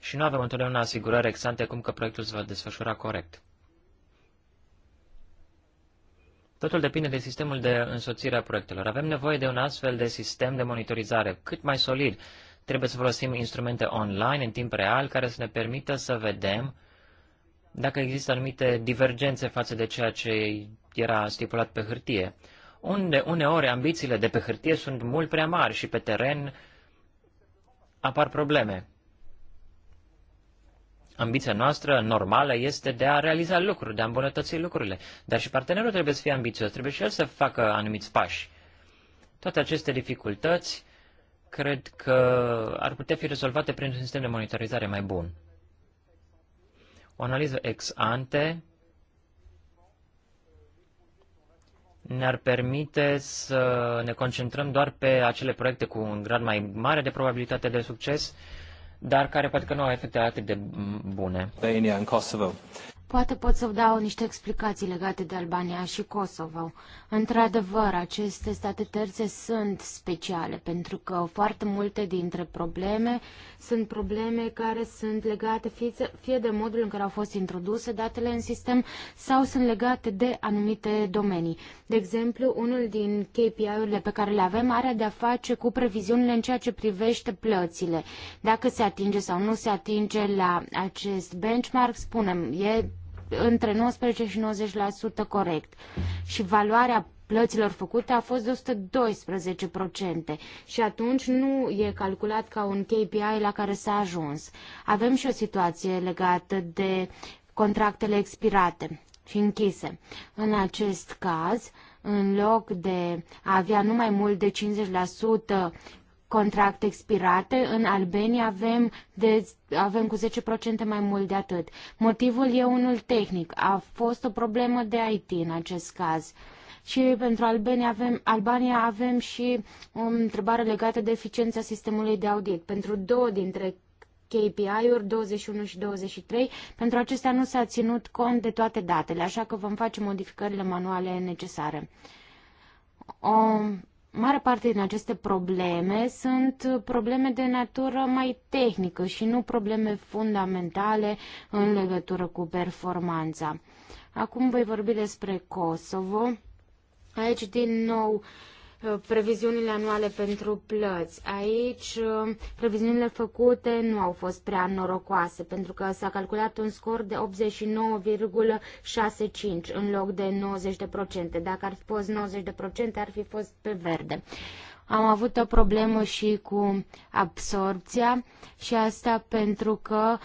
Speaker 2: și nu avem întotdeauna asigurări exante cum că proiectul se va desfășura corect. Totul depinde de sistemul de însoțire a proiectelor. Avem nevoie de un astfel de sistem de monitorizare cât mai solid. Trebuie să folosim instrumente online în timp real care să ne permită să vedem uh, dacă există anumite divergențe față de ceea ce era stipulat pe hârtie. Unde uneori ambițiile de pe hârtie sunt mult prea mari și pe teren apar probleme. Ambiția noastră normală este de a realiza lucruri, de a îmbunătăți lucrurile. Dar și partenerul trebuie să fie ambițios, trebuie și el să facă anumiți pași. Toate aceste dificultăți cred că ar putea fi rezolvate prin un sistem de monitorizare mai bun. O analiză ex ante ne-ar permite să ne concentrăm doar pe acele proiecte cu un grad mai mare de probabilitate de succes, dar care poate că nu au efecte atât de bune.
Speaker 1: Poate pot să vă dau niște explicații legate de Albania și Kosovo. Într-adevăr, aceste state terțe sunt speciale, pentru că foarte multe dintre probleme sunt probleme care sunt legate fie de modul în care au fost introduse datele în sistem sau sunt legate de anumite domenii. De exemplu, unul din KPI-urile pe care le avem are de-a face cu previziunile în ceea ce privește plățile. Dacă se atinge sau nu se atinge la acest benchmark, spunem, e între 19 și 90% corect și valoarea plăților făcute a fost de 112% și atunci nu e calculat ca un KPI la care s-a ajuns. Avem și o situație legată de contractele expirate și închise. În acest caz, în loc de a avea numai mult de 50% contracte expirate. În Albania avem, de, avem cu 10% mai mult de atât. Motivul e unul tehnic. A fost o problemă de IT în acest caz. Și pentru Albania avem, Albania avem și o întrebare legată de eficiența sistemului de audit. Pentru două dintre KPI-uri 21 și 23. Pentru acestea nu s-a ținut cont de toate datele, așa că vom face modificările manuale necesare. O mare parte din aceste probleme sunt probleme de natură mai tehnică și nu probleme fundamentale în legătură cu performanța. Acum voi vorbi despre Kosovo. Aici, din nou, uh, Uh, previziunile anuale pentru plăți. Aici, uh, previziunile făcute nu au fost prea norocoase, pentru că s-a calculat un scor de 89,65 în loc de 90%. Dacă ar fi fost 90%, ar fi fost pe verde. Am avut o problemă și cu absorpția și asta pentru că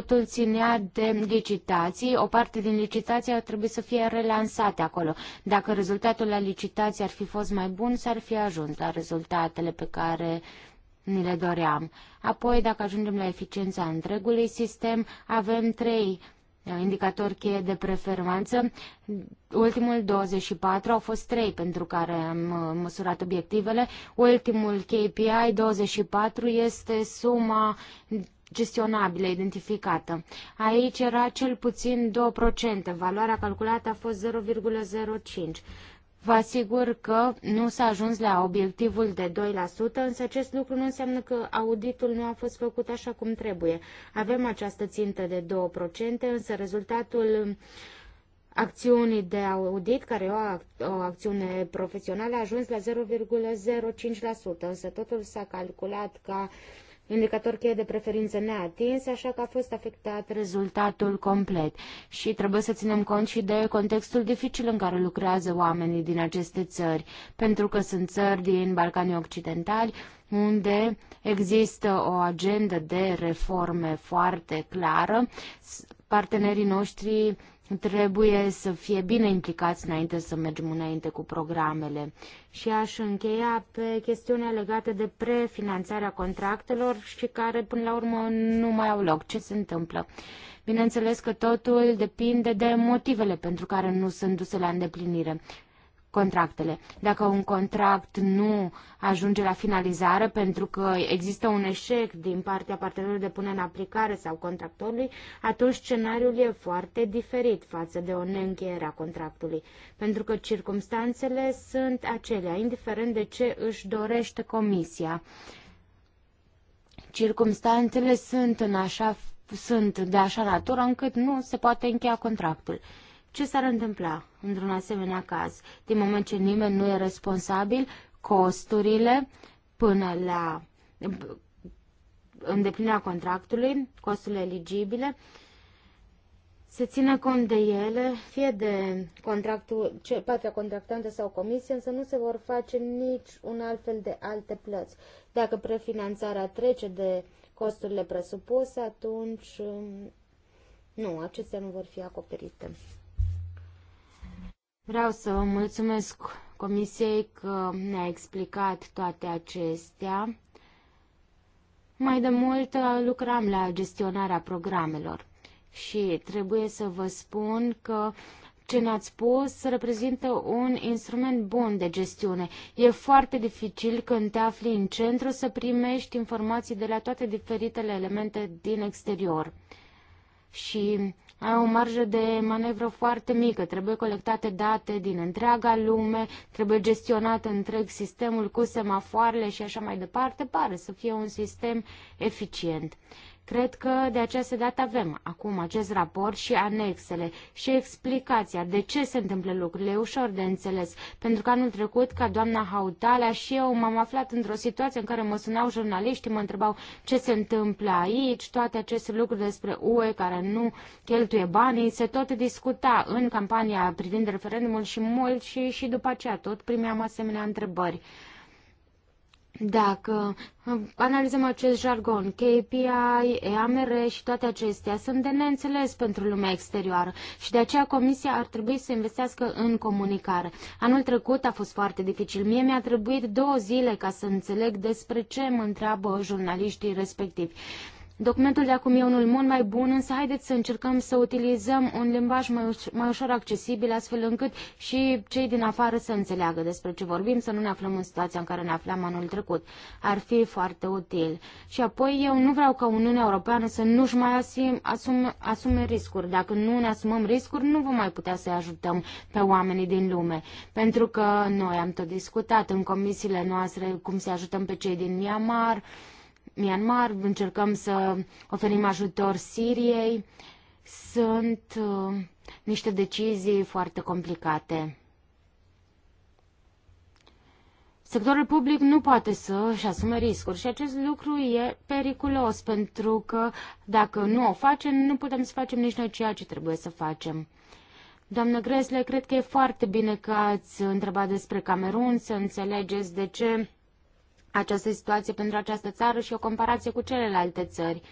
Speaker 1: Totul ținea de licitații. O parte din licitații ar trebui să fie relansate acolo. Dacă rezultatul la licitații ar fi fost mai bun, s-ar fi ajuns la rezultatele pe care ni le doream. Apoi, dacă ajungem la eficiența întregului sistem, avem trei uh, indicatori cheie de performanță. Ultimul 24 au fost 3 pentru care am uh, măsurat obiectivele. Ultimul KPI 24 este suma gestionabilă, identificată. Aici era cel puțin 2%, valoarea calculată a fost 0,05%. Vă asigur că nu s-a ajuns la obiectivul de 2%, însă acest lucru nu înseamnă că auditul nu a fost făcut așa cum trebuie. Avem această țintă de 2%, însă rezultatul acțiunii de audit, care e o, o acțiune profesională, a ajuns la 0,05%, însă totul s-a calculat ca uh, indicator cheie de preferință neatins, așa că a fost afectat rezultatul complet. Și trebuie să ținem cont și de contextul dificil în care lucrează oamenii din aceste țări, pentru că sunt țări din Balcanii Occidentali, unde există o agendă de reforme foarte clară. Partenerii noștri Trebuie să fie bine implicați înainte să mergem înainte cu programele. Și aș încheia pe chestiunea legată de prefinanțarea contractelor și care până la urmă nu mai au loc. Ce se întâmplă? Bineînțeles că totul depinde de motivele pentru care nu sunt duse la îndeplinire contractele. Dacă un contract nu ajunge la finalizare pentru că există un eșec din partea partenerului de pune în aplicare sau contractorului, atunci scenariul e foarte diferit față de o neîncheiere a contractului, pentru că circumstanțele sunt acelea, indiferent de ce își dorește comisia. Circumstanțele sunt în așa sunt de așa natură încât nu se poate încheia contractul. Ce s-ar întâmpla într-un asemenea caz? Din moment ce nimeni nu e responsabil, costurile până la îndeplinirea contractului, costurile eligibile, se ține cont de ele, fie de contractul, ce, partea contractantă sau comisie, însă nu se vor face nici un alt fel de alte plăți. Dacă prefinanțarea trece de costurile presupuse, atunci um, nu, acestea nu vor fi acoperite. Vreau să vă mulțumesc Comisiei că ne-a explicat toate acestea. Mai de mult lucram la gestionarea programelor și trebuie să vă spun că ce ne-ați spus reprezintă un instrument bun de gestiune. E foarte dificil când te afli în centru să primești informații de la toate diferitele elemente din exterior. Și ai o marjă de manevră foarte mică, trebuie colectate date din întreaga lume, trebuie gestionat întreg sistemul cu semafoarele și așa mai departe, pare să fie un sistem eficient. Cred că de această dată avem acum acest raport și anexele și explicația de ce se întâmplă lucrurile. ușor de înțeles, pentru că anul trecut, ca doamna Hautala și eu m-am aflat într-o situație în care mă sunau jurnaliștii, mă întrebau ce se întâmplă aici, toate aceste lucruri despre UE care nu cheltuie banii, se tot discuta în campania privind referendumul și mult și, și după aceea tot primeam asemenea întrebări. Dacă uh, analizăm acest jargon, KPI, EAMR și toate acestea sunt de neînțeles pentru lumea exterioară și de aceea Comisia ar trebui să investească în comunicare. Anul trecut a fost foarte dificil. Mie mi-a trebuit două zile ca să înțeleg despre ce mă întreabă jurnaliștii respectivi. Documentul de acum e unul mult mai bun, însă haideți să încercăm să utilizăm un limbaj mai, uș- mai ușor accesibil, astfel încât și cei din afară să înțeleagă despre ce vorbim, să nu ne aflăm în situația în care ne aflam anul trecut. Ar fi foarte util. Și apoi eu nu vreau ca Uniunea Europeană să nu-și mai asim, asum, asume riscuri. Dacă nu ne asumăm riscuri, nu vom mai putea să-i ajutăm pe oamenii din lume. Pentru că noi am tot discutat în comisiile noastre cum să ajutăm pe cei din Myanmar, uh, Myanmar, încercăm să oferim ajutor Siriei. Sunt uh, niște decizii foarte complicate. Sectorul public nu poate să-și asume riscuri și acest lucru e periculos pentru că dacă nu o facem, nu putem să facem nici noi ceea ce trebuie să facem. Doamnă Gresle, cred că e foarte bine că ați întrebat despre Camerun, să înțelegeți de ce această situație pentru această țară și o comparație cu celelalte țări.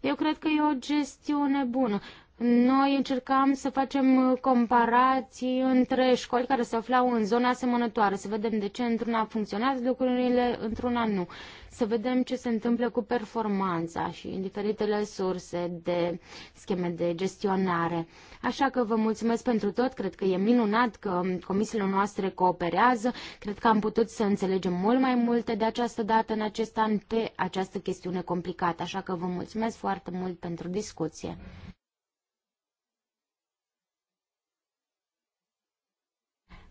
Speaker 1: Eu cred că e o gestiune bună. Noi încercam să facem uh, comparații între școli care se aflau în zona asemănătoare, să vedem de ce într-una funcționează lucrurile, într-una nu, să vedem ce se întâmplă cu performanța și diferitele surse de scheme de gestionare. Așa că vă mulțumesc pentru tot, cred că e minunat că comisiile noastre cooperează, cred că am putut să înțelegem mult mai multe de această dată în acest an pe această chestiune complicată, așa că vă mulțumesc foarte mult pentru discuție.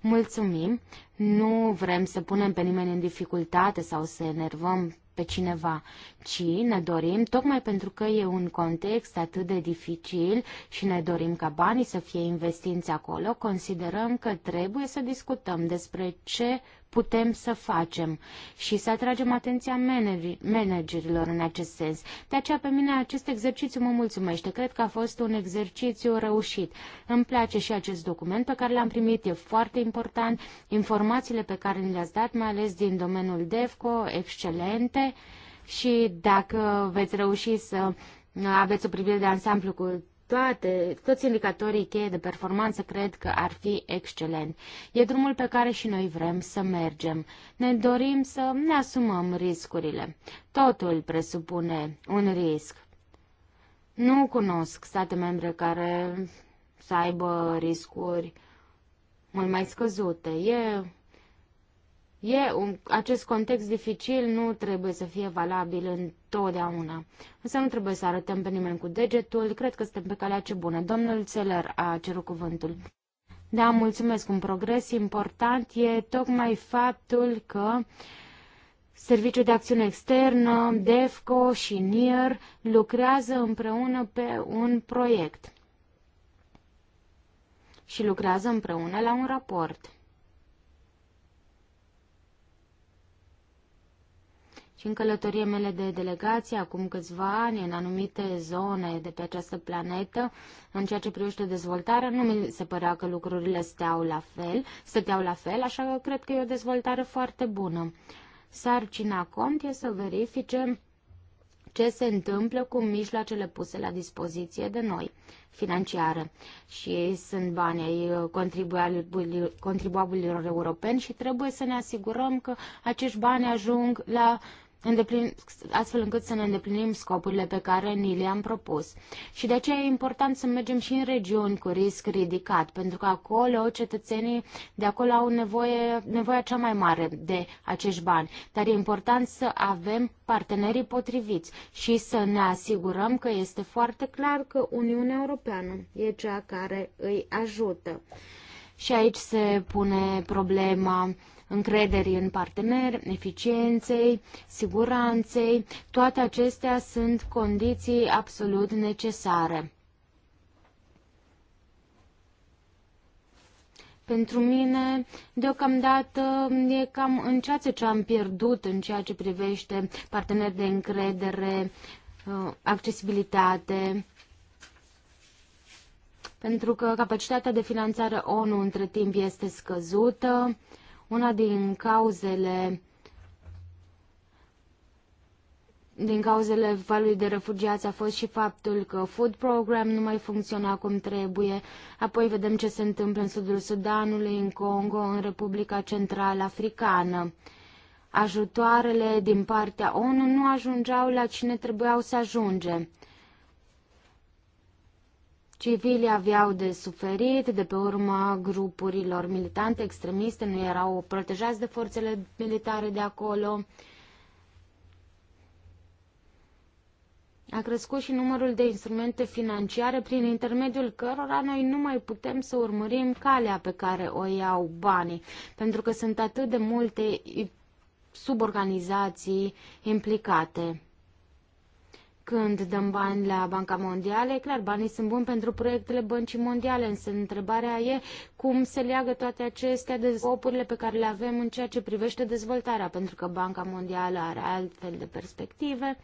Speaker 1: Mulțumim, nu vrem să punem pe nimeni în dificultate sau să enervăm pe cineva, ci ne dorim, tocmai pentru că e un context atât de dificil și ne dorim ca banii să fie investiți acolo, considerăm că trebuie să discutăm despre ce putem să facem și să atragem atenția managerilor în acest sens. De aceea pe mine acest exercițiu mă mulțumește. Cred că a fost un exercițiu reușit. Îmi place și acest document pe care l-am primit, e foarte important. Informațiile pe care ni le-ați dat, mai ales din domeniul DEFCO, excelente. Și dacă veți reuși să aveți o privire de ansamblu cu toate, toți indicatorii cheie de performanță cred că ar fi excelent. E drumul pe care și noi vrem să mergem. Ne dorim să ne asumăm riscurile. Totul presupune un risc. Nu cunosc state membre care să aibă riscuri mult mai scăzute. E E un, acest context dificil nu trebuie să fie valabil întotdeauna. Însă nu trebuie să arătăm pe nimeni cu degetul, cred că suntem pe calea ce bună. Domnul Țeler a cerut cuvântul. Da, mulțumesc. Un progres important e tocmai faptul că Serviciul de Acțiune Externă, DEFCO și NIR lucrează împreună pe un proiect și lucrează împreună la un raport. Și în călătorie mele de delegație, acum câțiva ani, în anumite zone de pe această planetă, în ceea ce privește dezvoltarea, nu mi se părea că lucrurile steau la fel, stăteau la fel, așa că cred că e o dezvoltare foarte bună. Sarcina cont e să verifice ce se întâmplă cu mijloacele puse la dispoziție de noi, financiară. Și ei sunt banii ai uh, contribuabililor europeni și trebuie să ne asigurăm că acești bani ajung la îndeplin, astfel încât să ne îndeplinim scopurile pe care ni le-am propus. Și de aceea e important să mergem și în regiuni cu risc ridicat, pentru că acolo cetățenii de acolo au nevoie, nevoia cea mai mare de acești bani. Dar e important să avem partenerii potriviți și să ne asigurăm că este foarte clar că Uniunea Europeană e cea care îi ajută. Și aici se pune problema încrederii în parteneri, eficienței, siguranței, toate acestea sunt condiții absolut necesare. pentru mine, deocamdată e cam în ceea ce am pierdut în ceea ce privește parteneri de încredere, uh, accesibilitate, pentru că capacitatea de finanțare ONU între timp este scăzută, una din cauzele din cauzele valului de refugiați a fost și faptul că food program nu mai funcționa cum trebuie. Apoi vedem ce se întâmplă în sudul Sudanului, în Congo, în Republica Central Africană. Ajutoarele din partea ONU nu ajungeau la cine trebuiau să ajunge. Civilii aveau de suferit de pe urma grupurilor militante extremiste, nu erau protejați de forțele militare de acolo. A crescut și numărul de instrumente financiare prin intermediul cărora noi nu mai putem să urmărim calea pe care o iau banii, pentru că sunt atât de multe suborganizații implicate. Când dăm bani la Banca Mondială, e clar, banii sunt buni pentru proiectele Băncii Mondiale, însă întrebarea e cum se leagă toate acestea de scopurile pe care le avem în ceea ce privește dezvoltarea, pentru că Banca Mondială are altfel de perspective.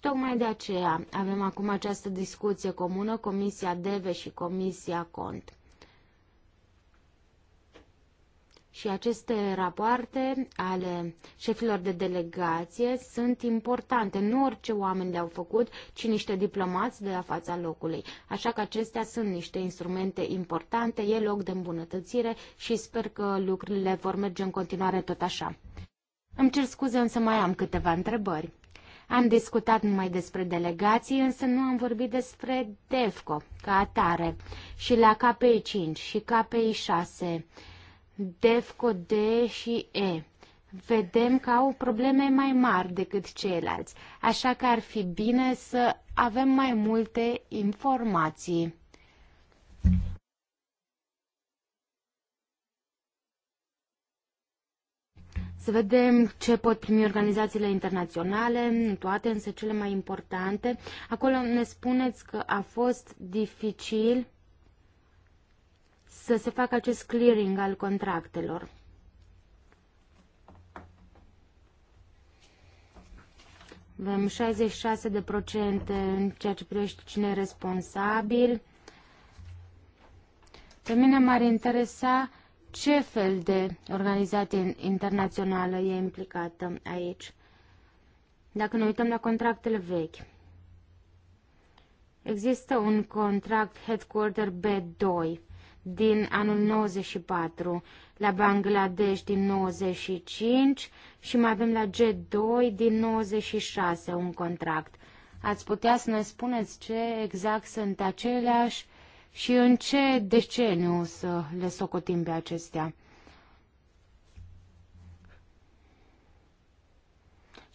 Speaker 1: Tocmai de aceea avem acum această discuție comună, Comisia DEVE și Comisia CONT. Și aceste rapoarte ale șefilor de delegație sunt importante. Nu orice oameni le-au făcut, ci niște diplomați de la fața locului. Așa că acestea sunt niște instrumente importante, e loc de îmbunătățire și sper că lucrurile vor merge în continuare tot așa. Îmi cer scuze, însă mai am câteva întrebări. Am discutat numai despre delegații, însă nu am vorbit despre DEFCO ca atare și la KPI 5 și KPI 6 DEFCO, D și E. Vedem că au probleme mai mari decât ceilalți, așa că ar fi bine să avem mai multe informații. Să vedem ce pot primi organizațiile internaționale, toate însă cele mai importante. Acolo ne spuneți că a fost dificil să se facă acest clearing al contractelor. Avem 66 de procente în ceea ce privește cine e responsabil. Pe mine m-ar interesa ce fel de organizație internațională e implicată aici. Dacă ne uităm la contractele vechi, există un contract Headquarter B2 din anul 94, la Bangladesh din 95 și mai avem la G2 din 96 un contract. Ați putea să ne spuneți ce exact sunt aceleași și în ce deceniu să le socotim pe acestea?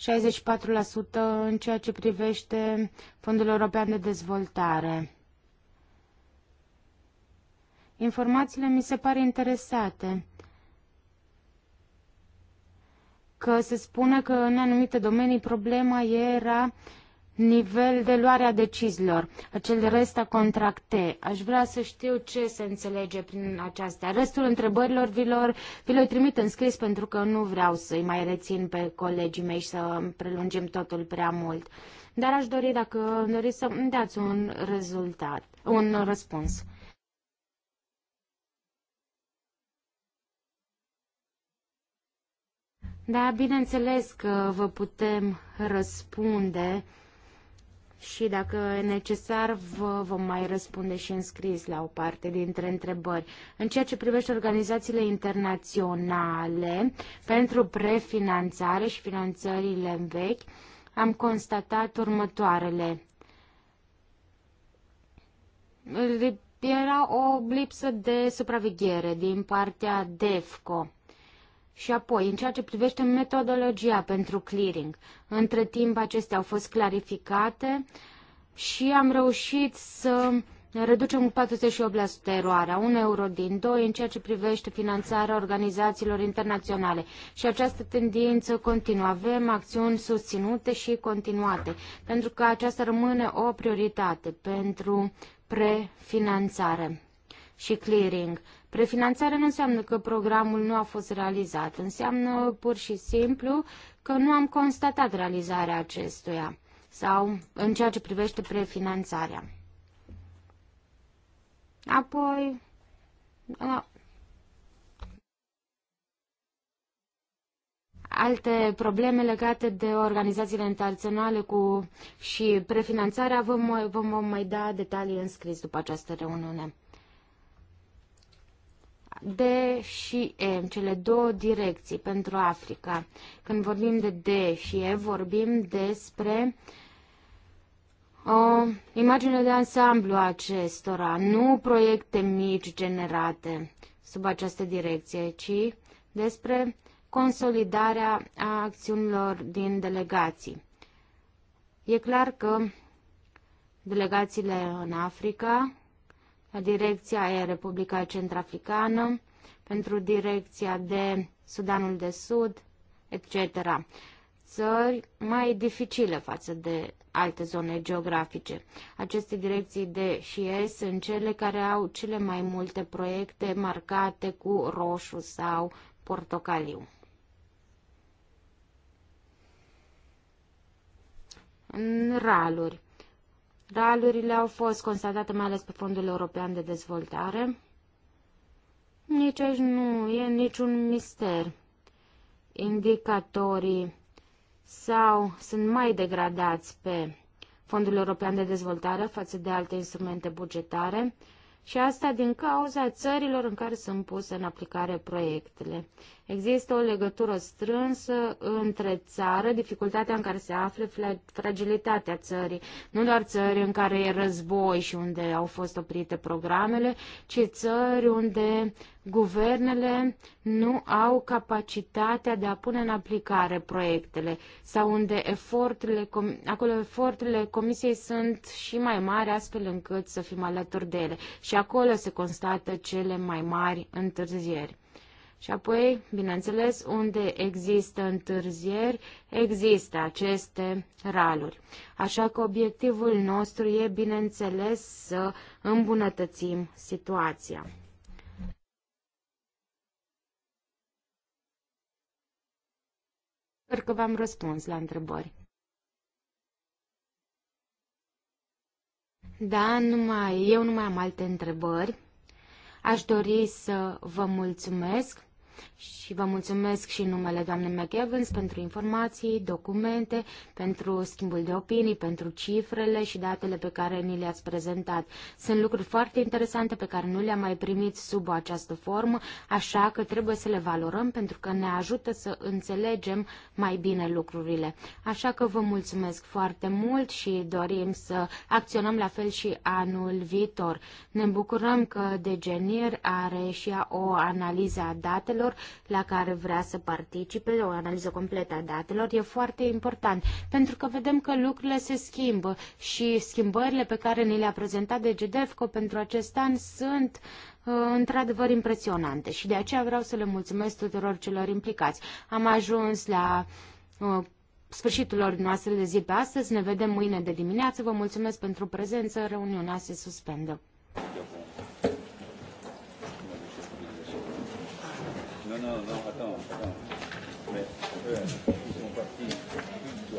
Speaker 1: 64% în ceea ce privește Fondul European de Dezvoltare. Informațiile mi se pare interesate. Că se spune că în anumite domenii problema era nivel de luare a deciziilor, acel rest a contracte. Aș vrea să știu ce se înțelege prin aceasta. Restul întrebărilor vi, lor, vi le trimit în scris pentru că nu vreau să-i mai rețin pe colegii mei și să prelungim totul prea mult. Dar aș dori dacă doriți să îmi dați un rezultat, un răspuns. Da, bineînțeles că vă putem răspunde și dacă e necesar vă vom mai răspunde și în scris la o parte dintre întrebări. În ceea ce privește organizațiile internaționale pentru prefinanțare și finanțările vechi, am constatat următoarele. Era o lipsă de supraveghere din partea DEFCO și apoi, în ceea ce privește metodologia pentru clearing, între timp acestea au fost clarificate și am reușit să reducem cu 48% eroarea, un euro din doi în ceea ce privește finanțarea organizațiilor internaționale. Și această tendință continuă. Avem acțiuni susținute și continuate, pentru că aceasta rămâne o prioritate pentru prefinanțare și clearing. Prefinanțarea nu înseamnă că programul nu a fost realizat, înseamnă pur și simplu că nu am constatat realizarea acestuia sau în ceea ce privește prefinanțarea. Apoi, a, alte probleme legate de organizațiile internaționale cu, și prefinanțarea, vă vom mai da detalii în scris după această reuniune. D și E, cele două direcții pentru Africa. Când vorbim de D și E, vorbim despre o uh, imagine de ansamblu a acestora, nu proiecte mici generate sub această direcție, ci despre consolidarea a acțiunilor din delegații. E clar că delegațiile în Africa la direcția E Republica Centrafricană, pentru direcția de Sudanul de Sud, etc. Țări mai dificile față de alte zone geografice. Aceste direcții de și E sunt cele care au cele mai multe proiecte marcate cu roșu sau portocaliu. În raluri. Ralurile au fost constatate mai ales pe Fondul European de Dezvoltare. Nici aici nu e niciun mister. Indicatorii sau sunt mai degradați pe Fondul European de Dezvoltare față de alte instrumente bugetare și asta din cauza țărilor în care sunt puse în aplicare proiectele. Există o legătură strânsă între țară, dificultatea în care se află, fragilitatea țării, nu doar țări în care e război și unde au fost oprite programele, ci țări unde guvernele nu au capacitatea de a pune în aplicare proiectele sau unde eforturile, acolo eforturile comisiei sunt și mai mari astfel încât să fim alături de ele și acolo se constată cele mai mari întârzieri. Și apoi, bineînțeles, unde există întârzieri, există aceste raluri. Așa că obiectivul nostru e, bineînțeles, să îmbunătățim situația. Sper că v-am răspuns la întrebări. Da, nu mai, eu nu mai am alte întrebări. Aș dori să vă mulțumesc și vă mulțumesc și în numele doamnei McEvans pentru informații, documente, pentru schimbul de opinii, pentru cifrele și datele pe care ni le-ați prezentat. Sunt lucruri foarte interesante pe care nu le-am mai primit sub această formă, așa că trebuie să le valorăm pentru că ne ajută să înțelegem mai bine lucrurile. Așa că vă mulțumesc foarte mult și dorim să acționăm la fel și anul viitor. Ne bucurăm că Degenir are și ea o analiză a datelor sector la care vrea să participe, o analiză completă a datelor, e foarte important, pentru că vedem că lucrurile se schimbă și schimbările pe care ni le-a prezentat de pentru acest an sunt uh, într-adevăr impresionante și de aceea vreau să le mulțumesc tuturor celor implicați. Am ajuns la uh, sfârșitul ori noastre de zi pe astăzi. Ne vedem mâine de dimineață. Vă mulțumesc pentru prezență. Reuniunea se suspendă.
Speaker 2: nu, attends, attends. Mais, euh...